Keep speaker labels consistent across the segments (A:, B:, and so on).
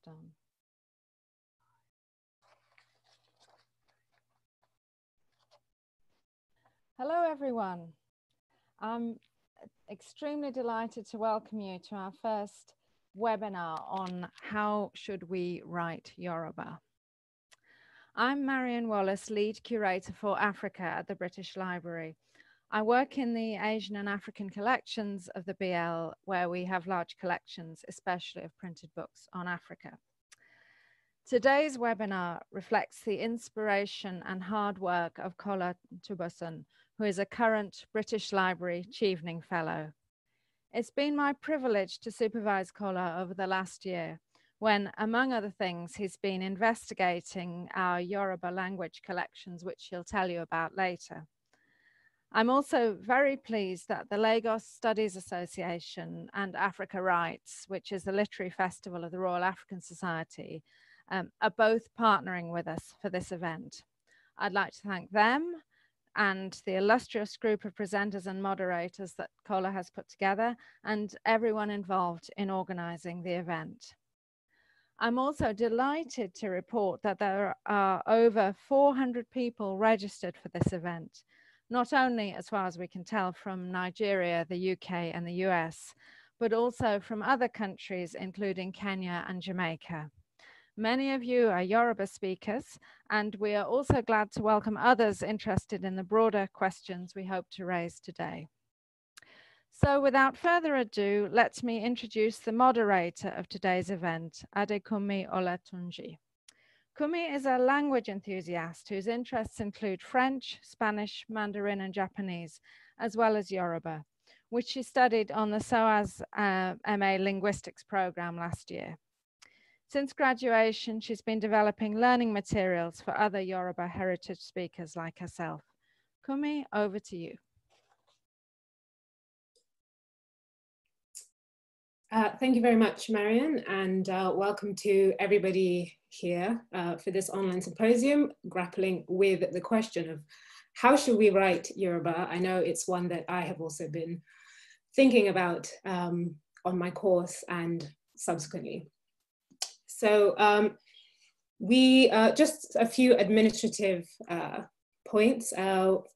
A: system.
B: Hello, everyone. I'm extremely delighted to welcome you to our first webinar on how should we write Yoruba. I'm Marion Wallace, lead curator for Africa at the British Library, I work in the Asian and African collections of the BL, where we have large collections, especially of printed books on Africa. Today's webinar reflects the inspiration and hard work of Kola Tubason, who is a current British Library Chevening Fellow. It's been my privilege to supervise Kola over the last year, when, among other things, he's been investigating our Yoruba language collections, which he'll tell you about later. I'm also very pleased that the Lagos Studies Association and Africa Rights, which is the literary festival of the Royal African Society, um, are both partnering with us for this event. I'd like to thank them and the illustrious group of presenters and moderators that Kola has put together and everyone involved in organizing the event. I'm also delighted to report that there are over 400 people registered for this event, not only, as far as we can tell, from Nigeria, the UK, and the US, but also from other countries, including Kenya and Jamaica. Many of you are Yoruba speakers, and we are also glad to welcome others interested in the broader questions we hope to raise today. So without further ado, let me introduce the moderator of today's event, Adekunmi Olatunji. Kumi is a language enthusiast whose interests include French, Spanish, Mandarin, and Japanese, as well as Yoruba, which she studied on the SOAS uh, MA Linguistics program last year. Since graduation, she's been developing learning materials for other Yoruba heritage speakers like herself. Kumi, over to you. Uh, thank you very much, Marion, and uh, welcome to
C: everybody here uh, for this online symposium grappling with the question of how should we write Yoruba? I know it's one that I have also been thinking about um, on my course and subsequently. So um, we, uh, just a few administrative uh, points.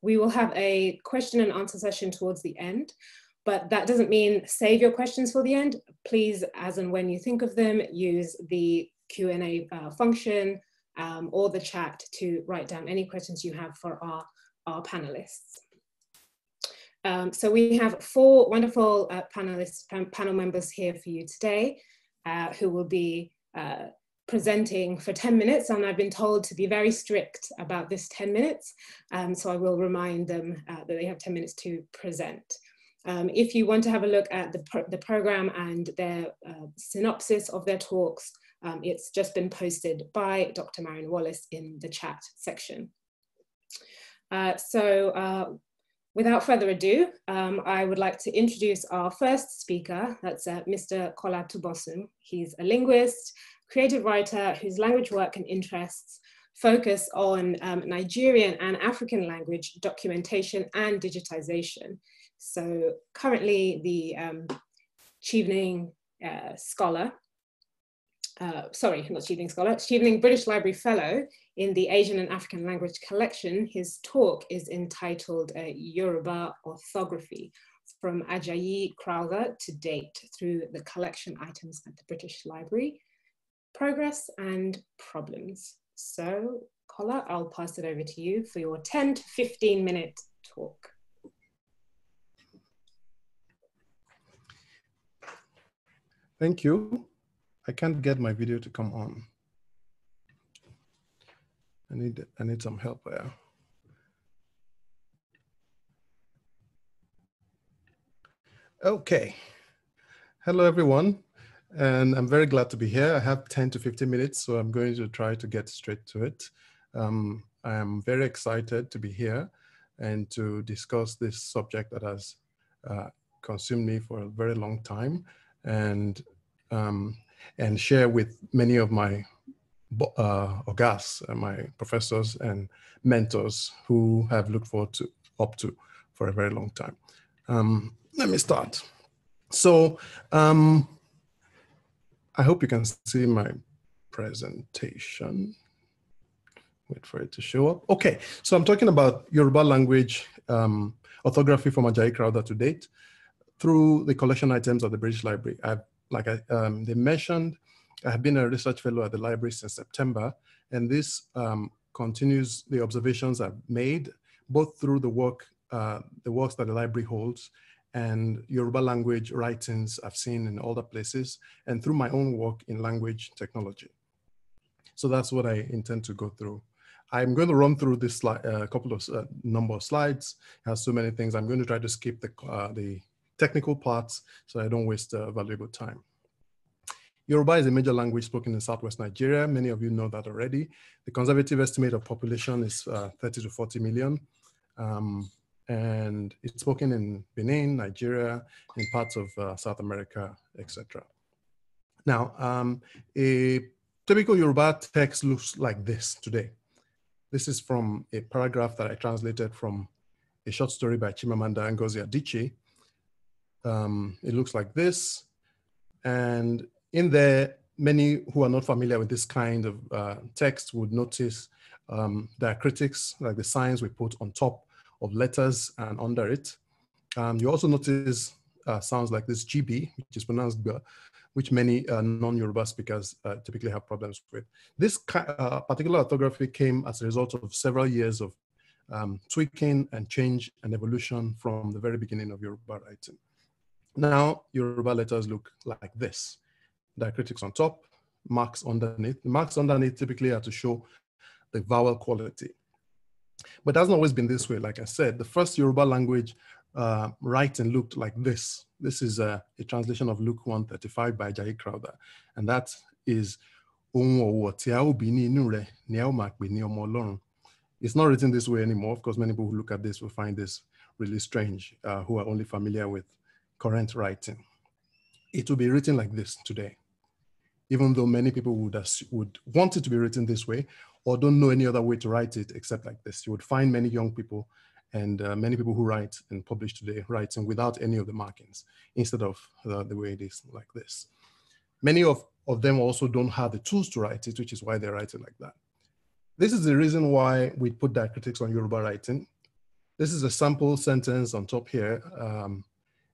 C: we will have a question and answer session towards the end. But that doesn't mean save your questions for the end. Please, as and when you think of them, use the Q&A uh, function um, or the chat to write down any questions you have for our, our panelists. Um, so we have four wonderful uh, panelists, panel members here for you today uh, who will be uh, presenting for 10 minutes and I've been told to be very strict about this 10 minutes. Um, so I will remind them uh, that they have 10 minutes to present. Um, if you want to have a look at the, pro the program and their uh, synopsis of their talks, um, it's just been posted by Dr. Marion Wallace in the chat section. Uh, so uh, without further ado, um, I would like to introduce our first speaker, that's uh, Mr. Kola Tubosum. He's a linguist, creative writer whose language work and interests focus on um, Nigerian and African language documentation and digitization. So currently the um, Chevening uh, Scholar, uh, sorry, not Chevening Scholar, Chevening British Library Fellow in the Asian and African Language Collection, his talk is entitled uh, Yoruba Orthography, from Ajayi Crowther to date through the collection items at the British Library, progress and problems. So Kola, I'll pass it over to you for your 10 to 15 minute talk.
D: Thank you. I can't get my video to come on. I need, I need some help there. Okay. Hello, everyone. And I'm very glad to be here. I have 10 to 15 minutes, so I'm going to try to get straight to it. Um, I am very excited to be here and to discuss this subject that has uh, consumed me for a very long time. And um, and share with many of my uh, ogas, uh, my professors and mentors who have looked forward to up to for a very long time. Um, let me start. So um, I hope you can see my presentation. Wait for it to show up. Okay, so I'm talking about Yoruba language um, orthography from Ajayi Crowder to date through the collection items of the British Library. I've like I, um, they mentioned, I have been a research fellow at the library since September, and this um, continues the observations I've made, both through the work, uh, the works that the library holds, and Yoruba language writings I've seen in other places, and through my own work in language technology. So that's what I intend to go through. I'm going to run through this a uh, couple of uh, number of slides. It has so many things. I'm going to try to skip the, uh, the technical parts so I don't waste uh, valuable time. Yoruba is a major language spoken in Southwest Nigeria. Many of you know that already. The conservative estimate of population is uh, 30 to 40 million. Um, and it's spoken in Benin, Nigeria, in parts of uh, South America, etc. Now, um, a typical Yoruba text looks like this today. This is from a paragraph that I translated from a short story by Chimamanda Ngozi Adichie um, it looks like this. And in there, many who are not familiar with this kind of uh, text would notice um, diacritics, like the signs we put on top of letters and under it. Um, you also notice uh, sounds like this GB, which is pronounced G, which many uh, non-Yoruba speakers uh, typically have problems with. This uh, particular orthography came as a result of several years of um, tweaking and change and evolution from the very beginning of Yoruba writing. Now, Yoruba letters look like this. Diacritics on top, marks underneath. The marks underneath typically are to show the vowel quality. But that's not always been this way. Like I said, the first Yoruba language uh, writing looked like this. This is a, a translation of Luke 135 by Jai Crowther. And that is, it's not written this way anymore. Of course, many people who look at this will find this really strange, uh, who are only familiar with current writing. It will be written like this today, even though many people would, would want it to be written this way or don't know any other way to write it except like this. You would find many young people and uh, many people who write and publish today writing without any of the markings instead of the, uh, the way it is like this. Many of, of them also don't have the tools to write it, which is why they write it like that. This is the reason why we put diacritics on Yoruba writing. This is a sample sentence on top here. Um,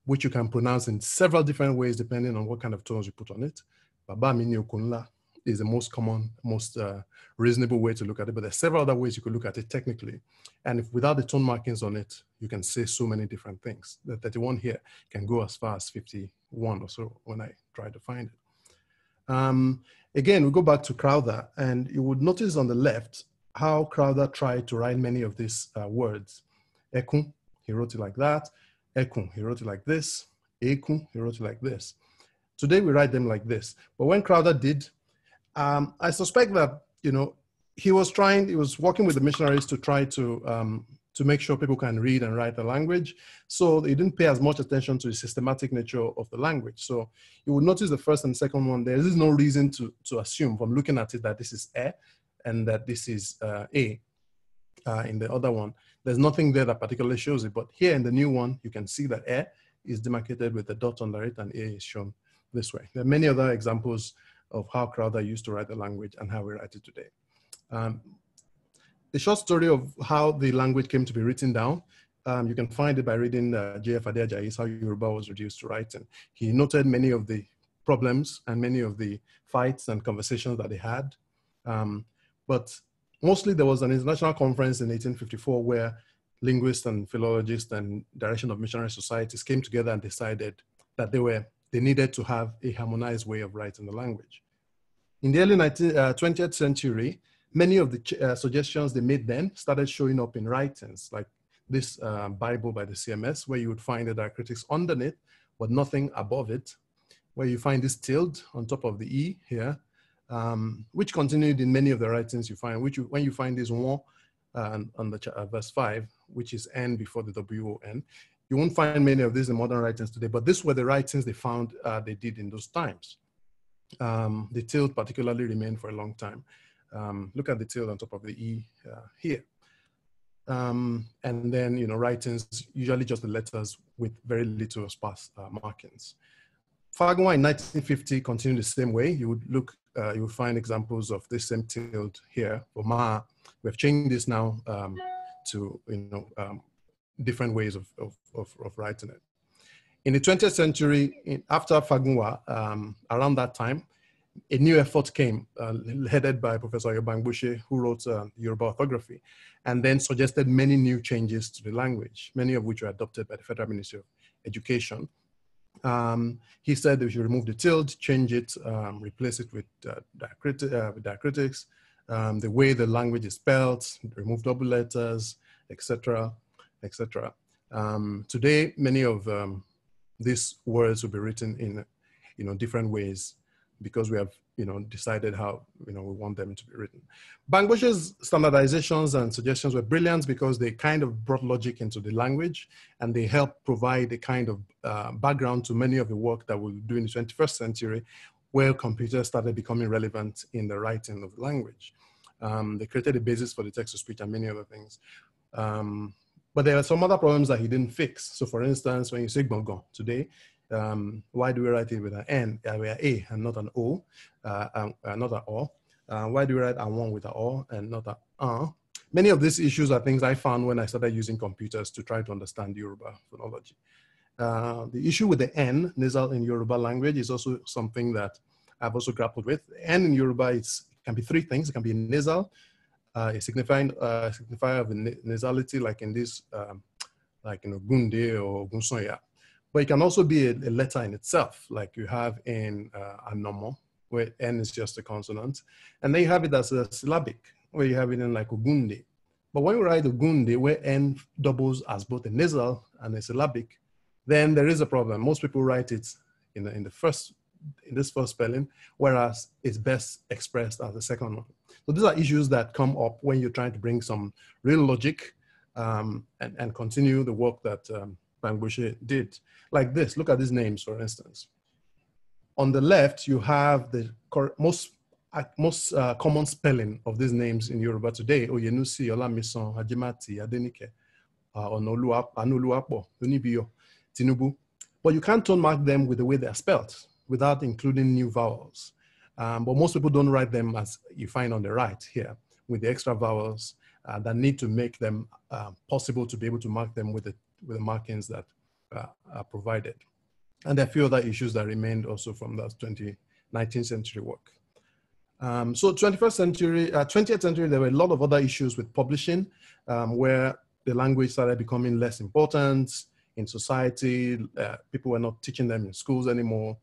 D: which you can pronounce in several different ways depending on what kind of tones you put on it. Baba Mini Okunla is the most common, most uh, reasonable way to look at it, but there's several other ways you could look at it technically. And if without the tone markings on it, you can say so many different things. The 31 here can go as far as 51 or so when I try to find it. Um, again, we go back to Crowther, and you would notice on the left how Crowther tried to write many of these uh, words. Ekun, he wrote it like that. Ekun, he wrote it like this. Ekun, he wrote it like this. Today we write them like this. But when Crowder did, um, I suspect that, you know, he was trying, he was working with the missionaries to try to, um, to make sure people can read and write the language. So he didn't pay as much attention to the systematic nature of the language. So you would notice the first and second one, there is no reason to, to assume from looking at it that this is E and that this is uh, A uh, in the other one. There's nothing there that particularly shows it, but here in the new one, you can see that air is demarcated with a dot under it and A is shown this way. There are many other examples of how Crowther used to write the language and how we write it today. Um, the short story of how the language came to be written down, um, you can find it by reading uh, J.F. Is How Yoruba Was Reduced to Writing. He noted many of the problems and many of the fights and conversations that they had. Um, but mostly there was an international conference in 1854 where linguists and philologists and direction of missionary societies came together and decided that they were they needed to have a harmonized way of writing the language. In the early 19, uh, 20th century, many of the uh, suggestions they made then started showing up in writings, like this uh, Bible by the CMS, where you would find the diacritics underneath, but nothing above it, where you find this tilde on top of the E here, um, which continued in many of the writings you find, which you, when you find this one uh, on the uh, verse five, which is N before the W-O-N, you won't find many of these in modern writings today, but these were the writings they found uh, they did in those times. Um, the tilde particularly remained for a long time. Um, look at the tail on top of the E uh, here. Um, and then, you know, writings, usually just the letters with very little sparse uh, markings. Fargois in 1950 continued the same way. You would look uh, you'll find examples of this same field here for We've changed this now um, to you know um, different ways of, of, of, of, writing it. In the 20th century, in, after Fagunwa, um, around that time, a new effort came, uh, headed by Professor Yobangbushi, who wrote uh, Yoruba orthography, and then suggested many new changes to the language, many of which were adopted by the Federal Ministry of Education. Um, he said that we should remove the tilde, change it, um, replace it with uh, diacrit uh, diacritics, um, the way the language is spelled, remove double letters, etc., etc. Um, today, many of um, these words will be written in, you know, different ways because we have you know, decided how, you know, we want them to be written. Bangbosch's standardizations and suggestions were brilliant because they kind of brought logic into the language and they helped provide a kind of uh, background to many of the work that we'll do in the 21st century where computers started becoming relevant in the writing of language. Um, they created a basis for the text-to-speech and many other things. Um, but there are some other problems that he didn't fix. So for instance, when you say gongon today, um, why do we write it with an N, with an A and not an O, uh, and, um, uh, not an O? Uh, why do we write a one with an O and not an uh? Many of these issues are things I found when I started using computers to try to understand Yoruba phonology. Uh, the issue with the N, nasal in Yoruba language, is also something that I've also grappled with. N in Yoruba, it's, it can be three things. It can be nasal, uh, a signifying, signifier of nasality, like in this, um, like in Ogunde or Ogunsoya but it can also be a, a letter in itself, like you have in uh, a normal, where N is just a consonant. And then you have it as a syllabic, where you have it in like Ugundi. But when you write Ugundi, where N doubles as both a nasal and a syllabic, then there is a problem. Most people write it in the, in the first, in this first spelling, whereas it's best expressed as the second one. So these are issues that come up when you're trying to bring some real logic um, and, and continue the work that um, Bangboche did. Like this, look at these names, for instance. On the left, you have the most, uh, most uh, common spelling of these names in Yoruba today, Oyenusi, Olamisan, Ajimati, Adenike, uh, Anoluapo, Onibio, Tinubu. But you can't tone mark them with the way they are spelled without including new vowels. Um, but most people don't write them as you find on the right here with the extra vowels uh, that need to make them uh, possible to be able to mark them with the with the markings that uh, are provided. And a few other issues that remained also from that 20, 19th century work. Um, so 21st century, uh, 20th century, there were a lot of other issues with publishing um, where the language started becoming less important in society. Uh, people were not teaching them in schools anymore.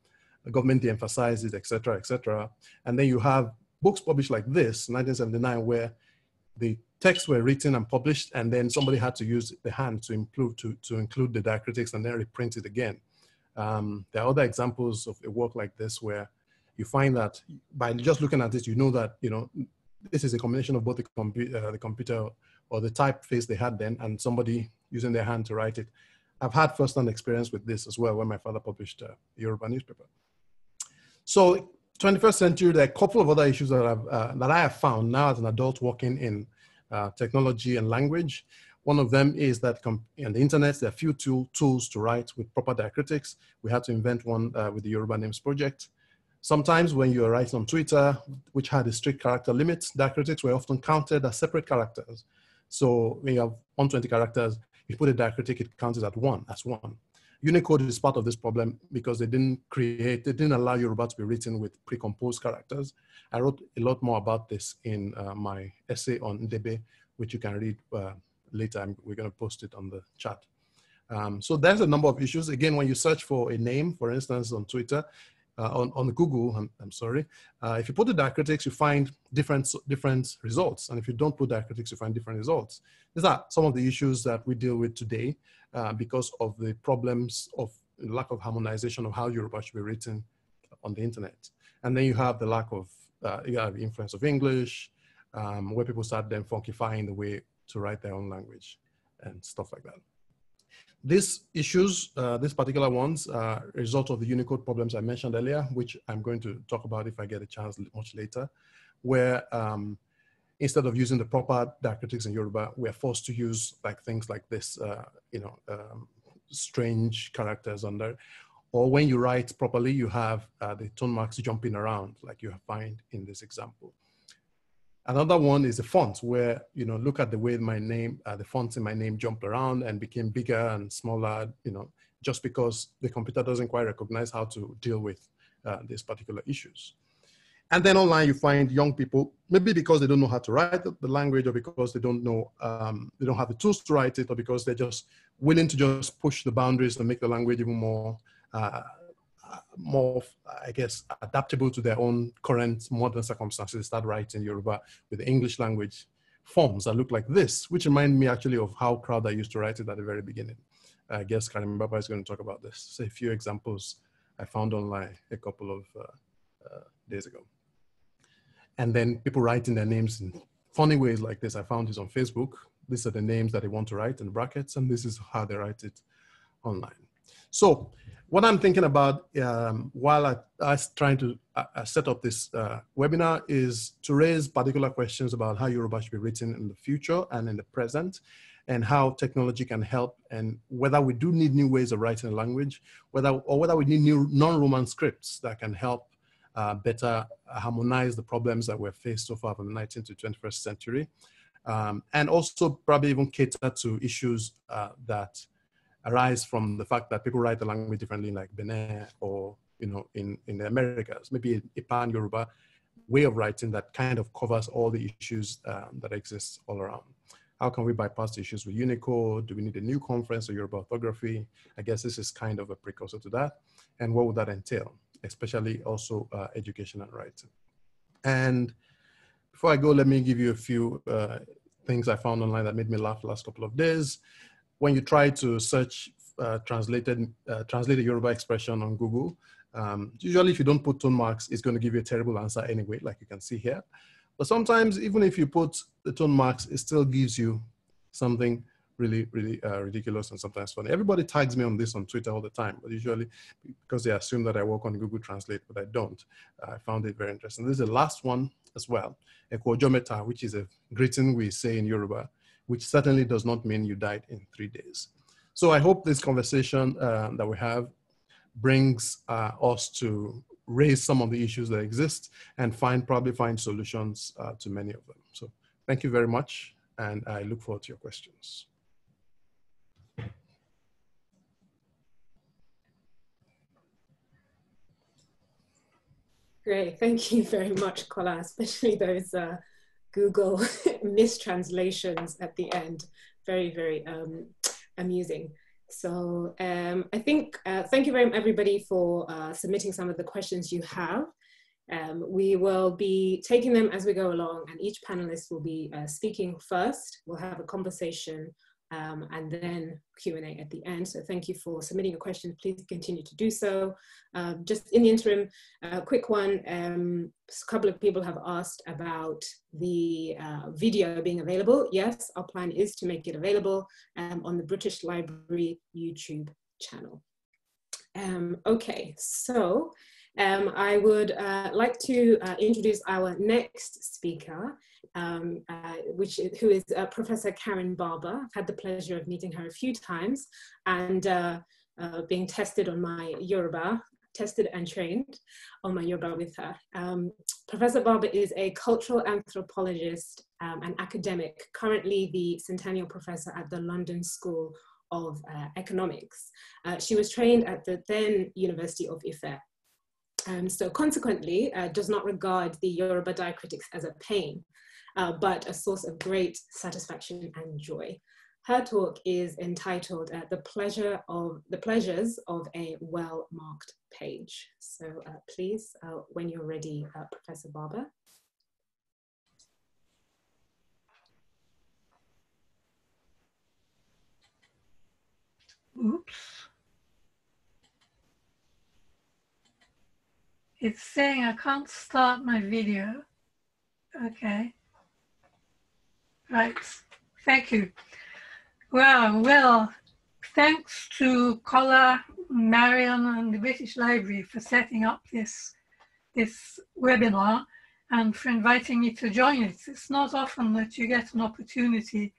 D: The government de-emphasized it, et cetera, et cetera. And then you have books published like this, 1979, where the texts were written and published, and then somebody had to use the hand to include to, to include the diacritics and then reprint it again. Um, there are other examples of a work like this where you find that by just looking at this, you know that you know this is a combination of both the, compu uh, the computer or the typeface they had then and somebody using their hand to write it. I've had first-hand experience with this as well when my father published uh, a Yoruba newspaper. So 21st century, there are a couple of other issues that, I've, uh, that I have found now as an adult working in uh, technology and language. One of them is that on the internet, there are few tool, tools to write with proper diacritics. We had to invent one uh, with the Yoruba Names Project. Sometimes when you write writing on Twitter, which had a strict character limit, diacritics were often counted as separate characters. So when you have 120 characters, you put a diacritic, it counts as at one, as one. Unicode is part of this problem because they didn't create, they didn't allow Yoruba to be written with precomposed characters. I wrote a lot more about this in uh, my essay on Debe, which you can read uh, later. I'm, we're going to post it on the chat. Um, so there's a number of issues. Again, when you search for a name, for instance, on Twitter, uh, on, on Google, I'm, I'm sorry, uh, if you put the diacritics, you find different, different results. And if you don't put diacritics, you find different results. These are some of the issues that we deal with today uh, because of the problems of lack of harmonization of how Yoruba should be written on the internet. And then you have the lack of, uh, you the influence of English, um, where people start then funkifying the way to write their own language and stuff like that. These issues, uh, these particular ones, are a result of the Unicode problems I mentioned earlier, which I'm going to talk about if I get a chance much later, where um, instead of using the proper diacritics in Yoruba, we are forced to use like things like this, uh, you know, um, strange characters under, or when you write properly, you have uh, the tone marks jumping around like you find in this example. Another one is the fonts, where you know, look at the way my name, uh, the fonts in my name jumped around and became bigger and smaller. You know, just because the computer doesn't quite recognize how to deal with uh, these particular issues. And then online, you find young people, maybe because they don't know how to write the, language, or because they don't know um, they don't have the tools to write it, or because they're just willing to just push the boundaries and make the language even more uh, more, I guess, adaptable to their own current modern circumstances, start writing Yoruba with English language forms that look like this, which remind me actually of how Crowder used to write it at the very beginning. I guess Karim Baba is going to talk about this. So a few examples I found online a couple of uh, uh, days ago. And then people writing their names in funny ways like this. I found this on Facebook. These are the names that they want to write in brackets, and this is how they write it online. So what I'm thinking about um, while I, I trying to uh, uh, set up this uh, webinar is to raise particular questions about how Yoruba should be written in the future and in the present, and how technology can help, and whether we do need new ways of writing a language, whether or whether we need new non-Roman scripts that can help uh, better harmonize the problems that we're faced so far from the 19th to 21st century, um, and also probably even cater to issues uh, that arise from the fact that people write the language differently, like Benin or you know in in the Americas, maybe a, pan Yoruba way of writing that kind of covers all the issues um, that exist all around. How can we bypass the issues with Unicode? Do we need a new conference or Yoruba orthography? I guess this is kind of a precursor to that. And what would that entail, especially also uh, education and writing? And before I go, let me give you a few uh, things I found online that made me laugh the last couple of days when you try to search uh, translated uh, translated Yoruba expression on Google, um, usually if you don't put tone marks, it's going to give you a terrible answer anyway, like you can see here. But sometimes even if you put the tone marks, it still gives you something really, really uh, ridiculous and sometimes funny. Everybody tags me on this on Twitter all the time, but usually because they assume that I work on Google Translate, but I don't. Uh, I found it very interesting. This is the last one as well, Ekojometa, which is a greeting we say in Yoruba which certainly does not mean you died in three days. So I hope this conversation uh, that we have brings uh, us to raise some of the issues that exist and find probably find solutions uh, to many of them. So thank you very much, and I look forward to your questions.
C: Great, thank you very much, Kola, especially those uh, Google mistranslations at the end. Very, very um, amusing. So um, I think, uh, thank you very much everybody for uh, submitting some of the questions you have. Um, we will be taking them as we go along and each panelist will be uh, speaking first. We'll have a conversation um, and then Q&A at the end. So thank you for submitting your questions. Please continue to do so. Uh, just in the interim, a uh, quick one. Um, a couple of people have asked about the uh, video being available. Yes, our plan is to make it available um, on the British Library YouTube channel. Um, okay, so um, I would uh, like to uh, introduce our next speaker, um, uh, which is, who is uh, Professor Karen Barber. I've had the pleasure of meeting her a few times and uh, uh, being tested on my Yoruba, tested and trained on my Yoruba with her. Um, Professor Barber is a cultural anthropologist um, and academic, currently the Centennial Professor at the London School of Economics. she was trained at the then University of Ife um, so consequently uh, does not regard the Yoruba diacritics as a pain, uh, but a source of great satisfaction and joy. Her talk is entitled uh, "The Pleasure of the Pleasures of a Well-Marked Page." So uh, please, uh, when you're ready, uh, Professor Barber.
E: Oops. It's saying I can't start my video. Okay. Right. Thank you. Well, well, thanks to Collar, Marion, and the British Library for setting up this, this webinar and for inviting me to join it. It's not often that you get an opportunity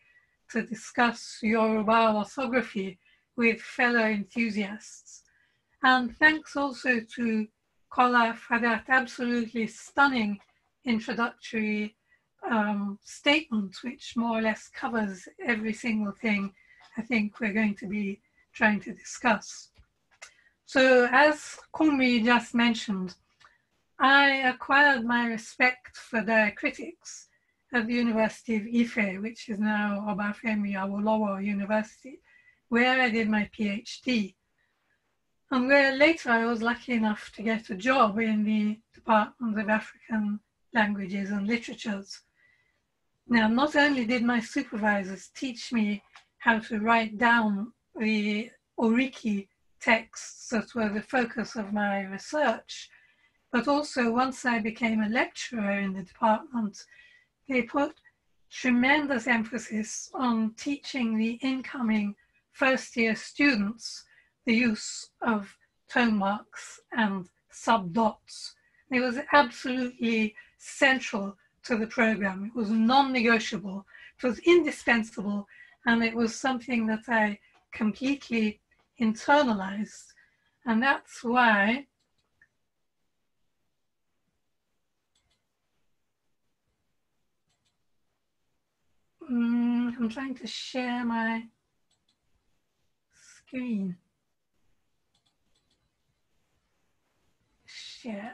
E: to discuss Yoruba orthography with fellow enthusiasts. And thanks also to Kola for that absolutely stunning introductory um, statement, which more or less covers every single thing I think we're going to be trying to discuss. So as Kumri just mentioned, I acquired my respect for critics at the University of Ife, which is now Obafemi Awolowo University, where I did my PhD. And later I was lucky enough to get a job in the Department of African Languages and Literatures. Now, not only did my supervisors teach me how to write down the Oriki texts that were the focus of my research, but also once I became a lecturer in the department, they put tremendous emphasis on teaching the incoming first year students the use of tone marks and subdots. It was absolutely central to the program. It was non-negotiable. It was indispensable, and it was something that I completely internalized. And that's why mm, I'm trying to share my screen. yeah.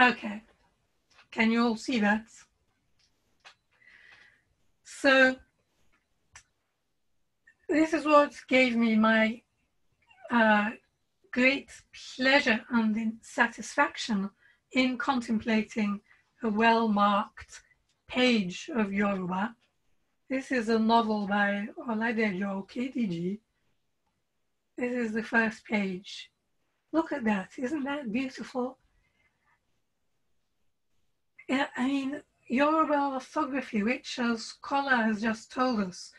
E: Okay, can you all see that? So this is what gave me my uh, great pleasure and satisfaction in contemplating a well-marked page of Yoruba this is a novel by Oladejo Okdiji. This is the first page. Look at that, isn't that beautiful? I mean, Yoruba orthography, which as Scholar has just told us,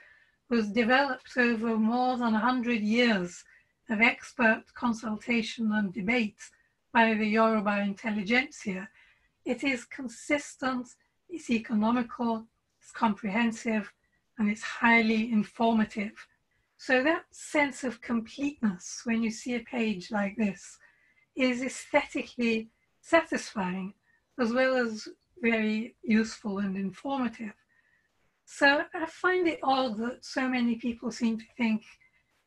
E: was developed over more than 100 years of expert consultation and debate by the Yoruba intelligentsia. It is consistent, it's economical, it's comprehensive, and it's highly informative. So that sense of completeness when you see a page like this is aesthetically satisfying as well as very useful and informative. So I find it odd that so many people seem to think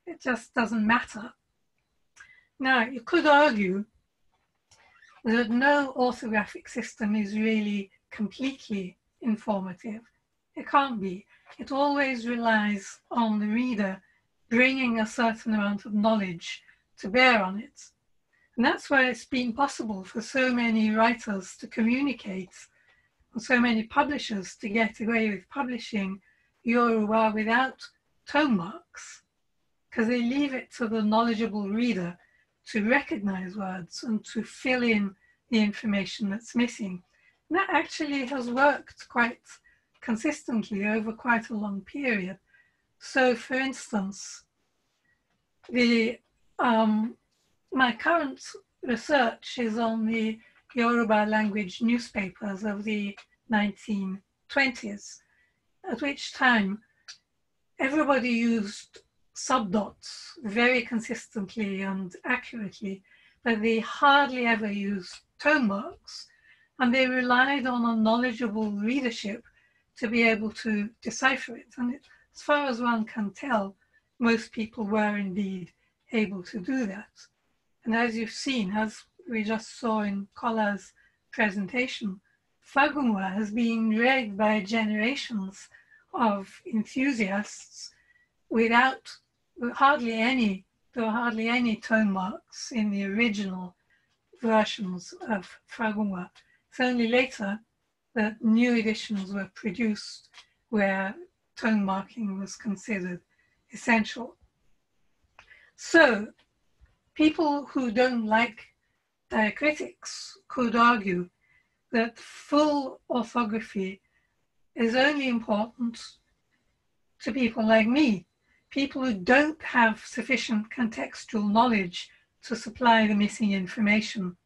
E: it just doesn't matter. Now, you could argue that no orthographic system is really completely informative it can't be. It always relies on the reader bringing a certain amount of knowledge to bear on it. And that's why it's been possible for so many writers to communicate and so many publishers to get away with publishing Yoruba without tone marks, because they leave it to the knowledgeable reader to recognize words and to fill in the information that's missing. And that actually has worked quite consistently over quite a long period. So, for instance, the um, my current research is on the Yoruba language newspapers of the 1920s, at which time everybody used subdots very consistently and accurately, but they hardly ever used tone marks, and they relied on a knowledgeable readership to be able to decipher it. And it, as far as one can tell, most people were indeed able to do that. And as you've seen, as we just saw in Kola's presentation, Fagungwa has been read by generations of enthusiasts without hardly any, there were hardly any tone marks in the original versions of Fagungwa. It's only later that new editions were produced where tone marking was considered essential. So, people who don't like diacritics could argue that full orthography is only important to people like me, people who don't have sufficient contextual knowledge to supply the missing information,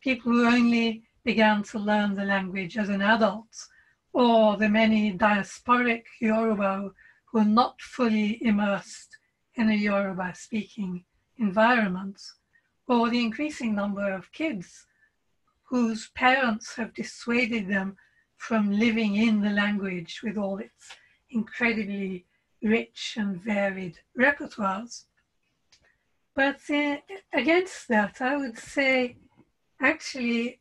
E: people who only began to learn the language as an adult, or the many diasporic Yoruba who are not fully immersed in a Yoruba speaking environment, or the increasing number of kids whose parents have dissuaded them from living in the language with all its incredibly rich and varied repertoires. But uh, against that, I would say actually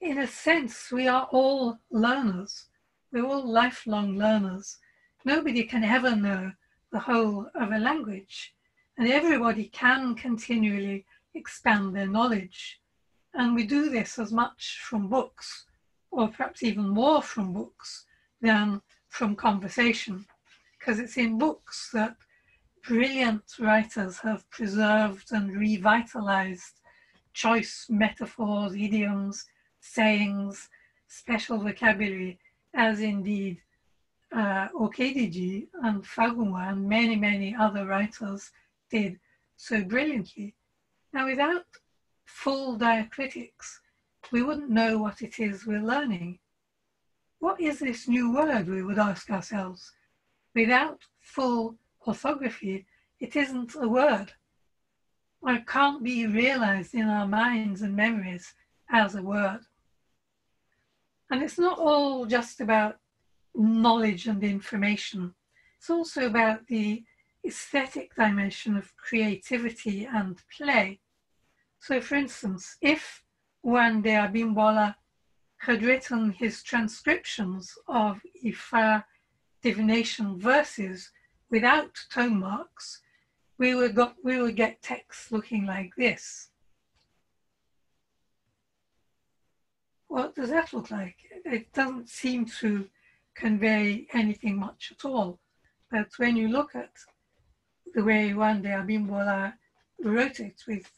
E: in a sense, we are all learners. We're all lifelong learners. Nobody can ever know the whole of a language, and everybody can continually expand their knowledge. And we do this as much from books, or perhaps even more from books, than from conversation, because it's in books that brilliant writers have preserved and revitalized choice metaphors, idioms, sayings, special vocabulary, as indeed uh, Okediji and Faguma and many, many other writers did so brilliantly. Now, without full diacritics, we wouldn't know what it is we're learning. What is this new word, we would ask ourselves. Without full orthography, it isn't a word, or it can't be realized in our minds and memories as a word. And it's not all just about knowledge and information, it's also about the aesthetic dimension of creativity and play. So, for instance, if one day Abimbola had written his transcriptions of Ifa divination verses without tone marks, we would, got, we would get texts looking like this. what does that look like? It doesn't seem to convey anything much at all. But when you look at the way one day Abimbola wrote it with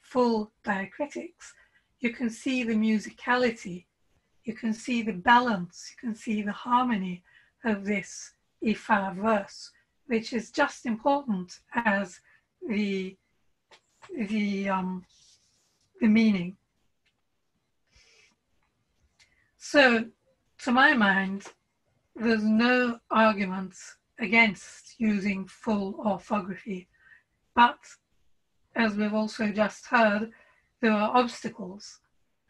E: full diacritics, you can see the musicality, you can see the balance, you can see the harmony of this Ifa verse, which is just important as the the um, the meaning. So, to my mind, there's no argument against using full orthography, but as we've also just heard, there are obstacles.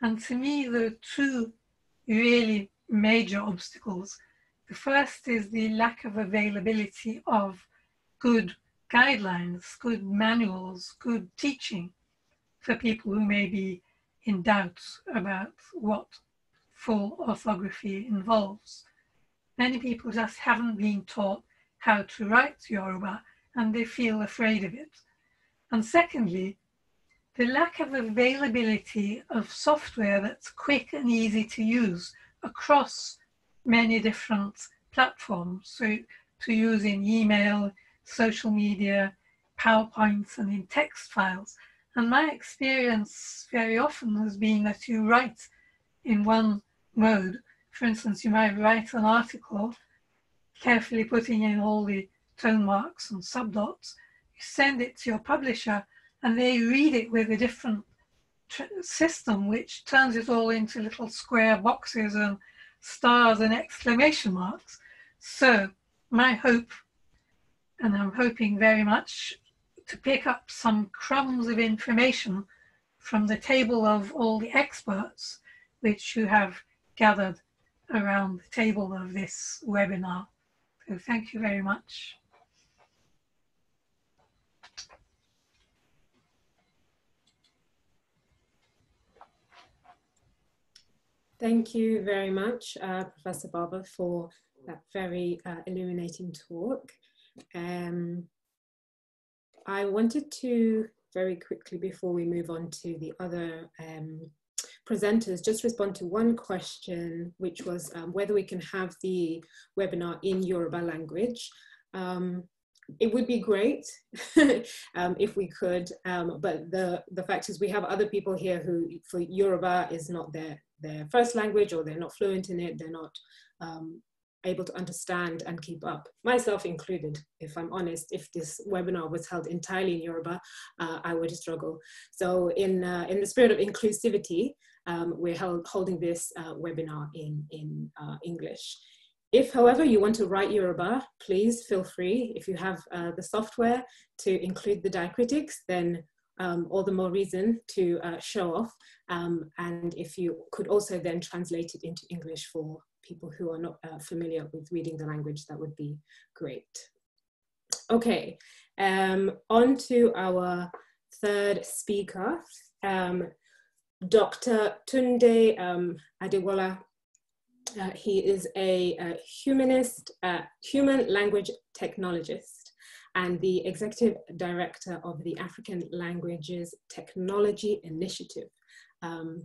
E: And to me, there are two really major obstacles. The first is the lack of availability of good guidelines, good manuals, good teaching for people who may be in doubt about what full orthography involves. Many people just haven't been taught how to write Yoruba and they feel afraid of it. And secondly, the lack of availability of software that's quick and easy to use across many different platforms. So to use in email, social media, PowerPoints, and in text files. And my experience very often has been that you write in one mode. For instance, you might write an article carefully putting in all the tone marks and subdots. You send it to your publisher and they read it with a different system which turns it all into little square boxes and stars and exclamation marks. So, my hope, and I'm hoping very much to pick up some crumbs of information from the table of all the experts, which you have gathered around the table of this webinar. So thank you very much.
C: Thank you very much, uh, Professor Barber, for that very uh, illuminating talk. Um, I wanted to very quickly, before we move on to the other um, presenters just respond to one question, which was um, whether we can have the webinar in Yoruba language. Um, it would be great um, if we could, um, but the, the fact is we have other people here who for Yoruba is not their, their first language or they're not fluent in it, they're not um, able to understand and keep up, myself included, if I'm honest, if this webinar was held entirely in Yoruba, uh, I would struggle. So in, uh, in the spirit of inclusivity, um, we're held, holding this uh, webinar in, in uh, English. If, however, you want to write Yoruba, please feel free. If you have uh, the software to include the diacritics, then um, all the more reason to uh, show off. Um, and if you could also then translate it into English for people who are not uh, familiar with reading the language, that would be great. Okay, um, on to our third speaker. Um, Dr. Tunde um, Adewala. Uh, he is a, a humanist, uh, human language technologist, and the executive director of the African Languages Technology Initiative, um,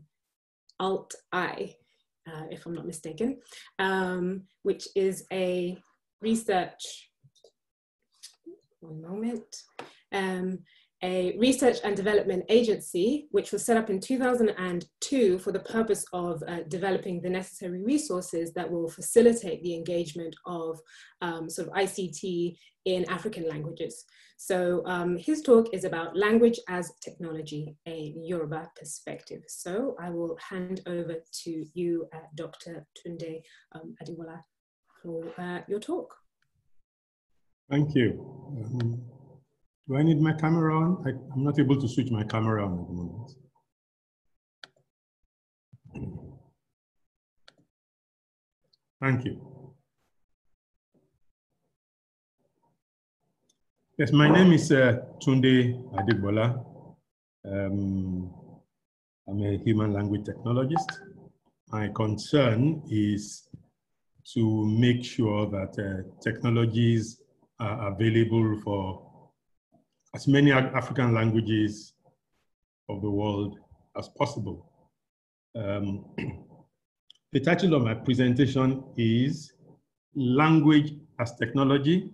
C: ALT-I, uh, if I'm not mistaken, um, which is a research, one moment, um, a research and development agency, which was set up in 2002 for the purpose of uh, developing the necessary resources that will facilitate the engagement of um, sort of ICT in African languages. So um, his talk is about language as technology, a Yoruba perspective. So I will hand over to you, uh, Dr. Tunde um, Adiwala, for uh, your talk.
A: Thank you. Um, do I need my camera on? I, am not able to switch my camera on at the moment. Thank you. Yes, my name is uh, Tunde Adibola. Um, I'm a human language technologist. My concern is to make sure that uh, technologies are available for as many African languages of the world as possible. Um, the title of my presentation is Language as Technology,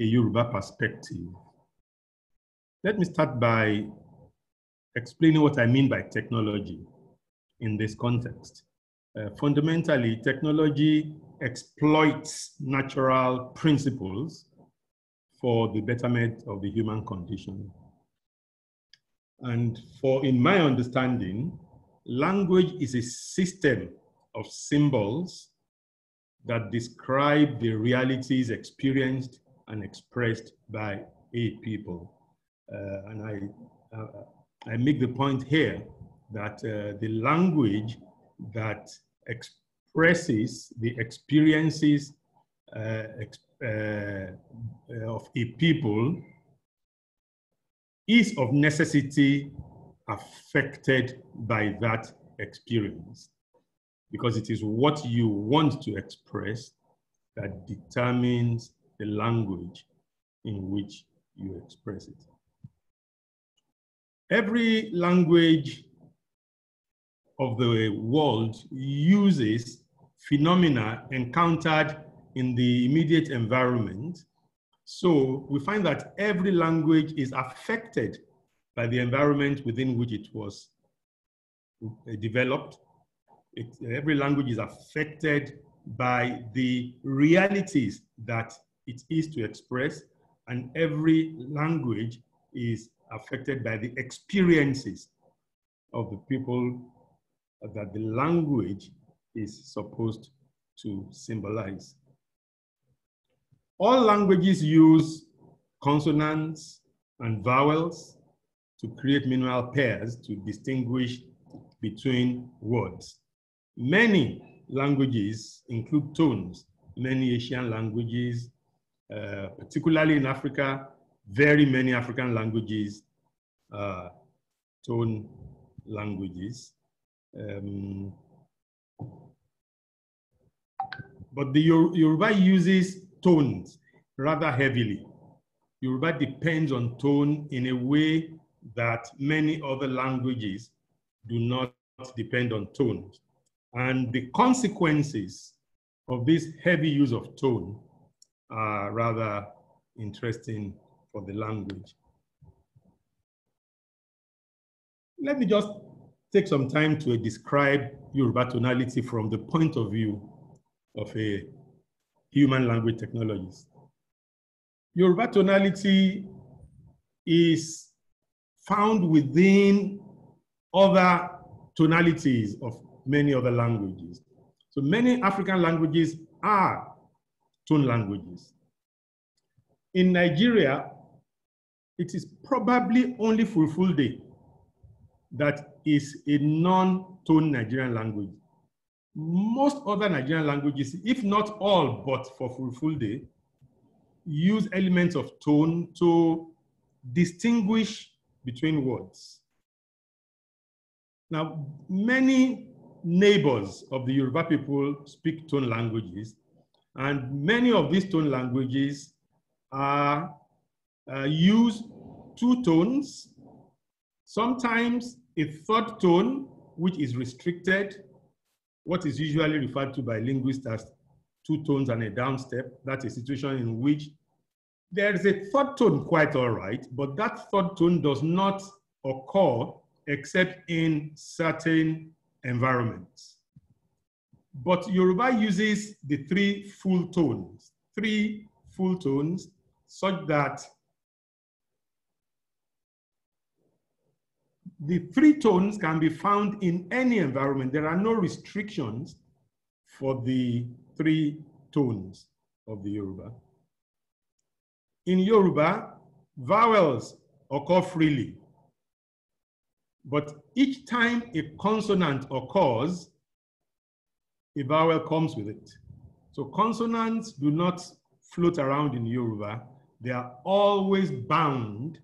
A: a Yoruba Perspective. Let me start by explaining what I mean by technology in this context. Uh, fundamentally, technology exploits natural principles for the betterment of the human condition. And for, in my understanding, language is a system of symbols that describe the realities experienced and expressed by a people. Uh, and I, uh, I make the point here that uh, the language that expresses the experiences, uh, exp uh, uh, of a people is of necessity affected by that experience because it is what you want to express that determines the language in which you express it. Every language of the world uses phenomena encountered in the immediate environment. So we find that every language is affected by the environment within which it was uh, developed. It, every language is affected by the realities that it is to express, and every language is affected by the experiences of the people that the language is supposed to symbolize. All languages use consonants and vowels to create mineral pairs to distinguish between words. Many languages include tones. Many Asian languages, uh, particularly in Africa, very many African languages, uh, tone languages. Um, but the Yoruba uses tones rather heavily. Yoruba depends on tone in a way that many other languages do not depend on tone. And the consequences of this heavy use of tone are rather interesting for the language. Let me just take some time to describe Yoruba tonality from the point of view of a human language technologies. Yoruba tonality is found within other tonalities of many other languages. So many African languages are tone languages. In Nigeria, it is probably only Fulfulde that is a non-tone Nigerian language most other Nigerian languages, if not all, but for Fulfulde, use elements of tone to distinguish between words. Now, many neighbors of the Yoruba people speak tone languages, and many of these tone languages are uh, use two tones, sometimes a third tone, which is restricted, what is usually referred to by linguists as two tones and a down step. That's a situation in which there is a third tone quite all right, but that third tone does not occur except in certain environments. But Yoruba uses the three full tones, three full tones, such that the free can be found in any environment. There are no restrictions for the three tones of the Yoruba. In Yoruba, vowels occur freely. But each time a consonant occurs, a vowel comes with it. So consonants do not float around in Yoruba. They are always bound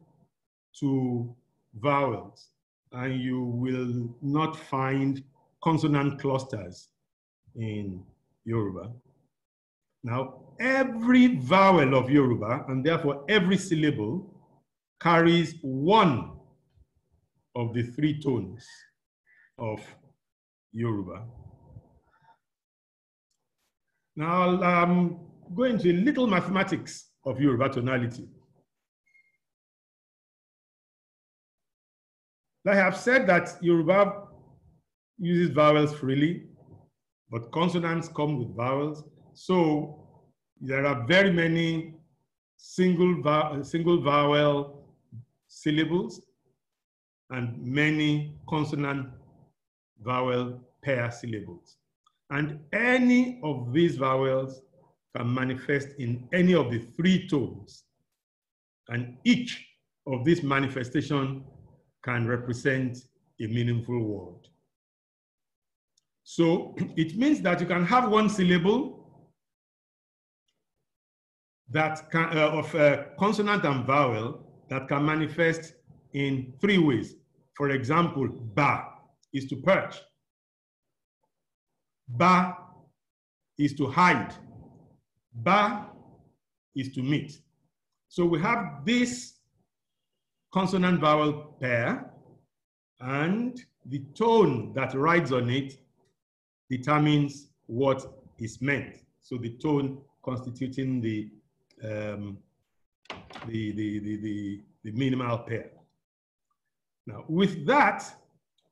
A: to vowels and you will not find consonant clusters in Yoruba. Now, every vowel of Yoruba, and therefore every syllable, carries one of the three tones of Yoruba. Now, I'll um, go into a little mathematics of Yoruba tonality. Now, I have said that Yoruba uses vowels freely, but consonants come with vowels. So there are very many single, vowel, single vowel syllables and many consonant vowel pair syllables. And any of these vowels can manifest in any of the three tones. And each of these manifestation can represent a meaningful word. So it means that you can have one syllable that can, uh, of a consonant and vowel that can manifest in three ways. For example, ba is to perch. Ba is to hide. Ba is to meet. So we have this consonant vowel pair and the tone that rides on it determines what is meant. So the tone constituting the, um, the, the, the, the, the, minimal pair. Now with that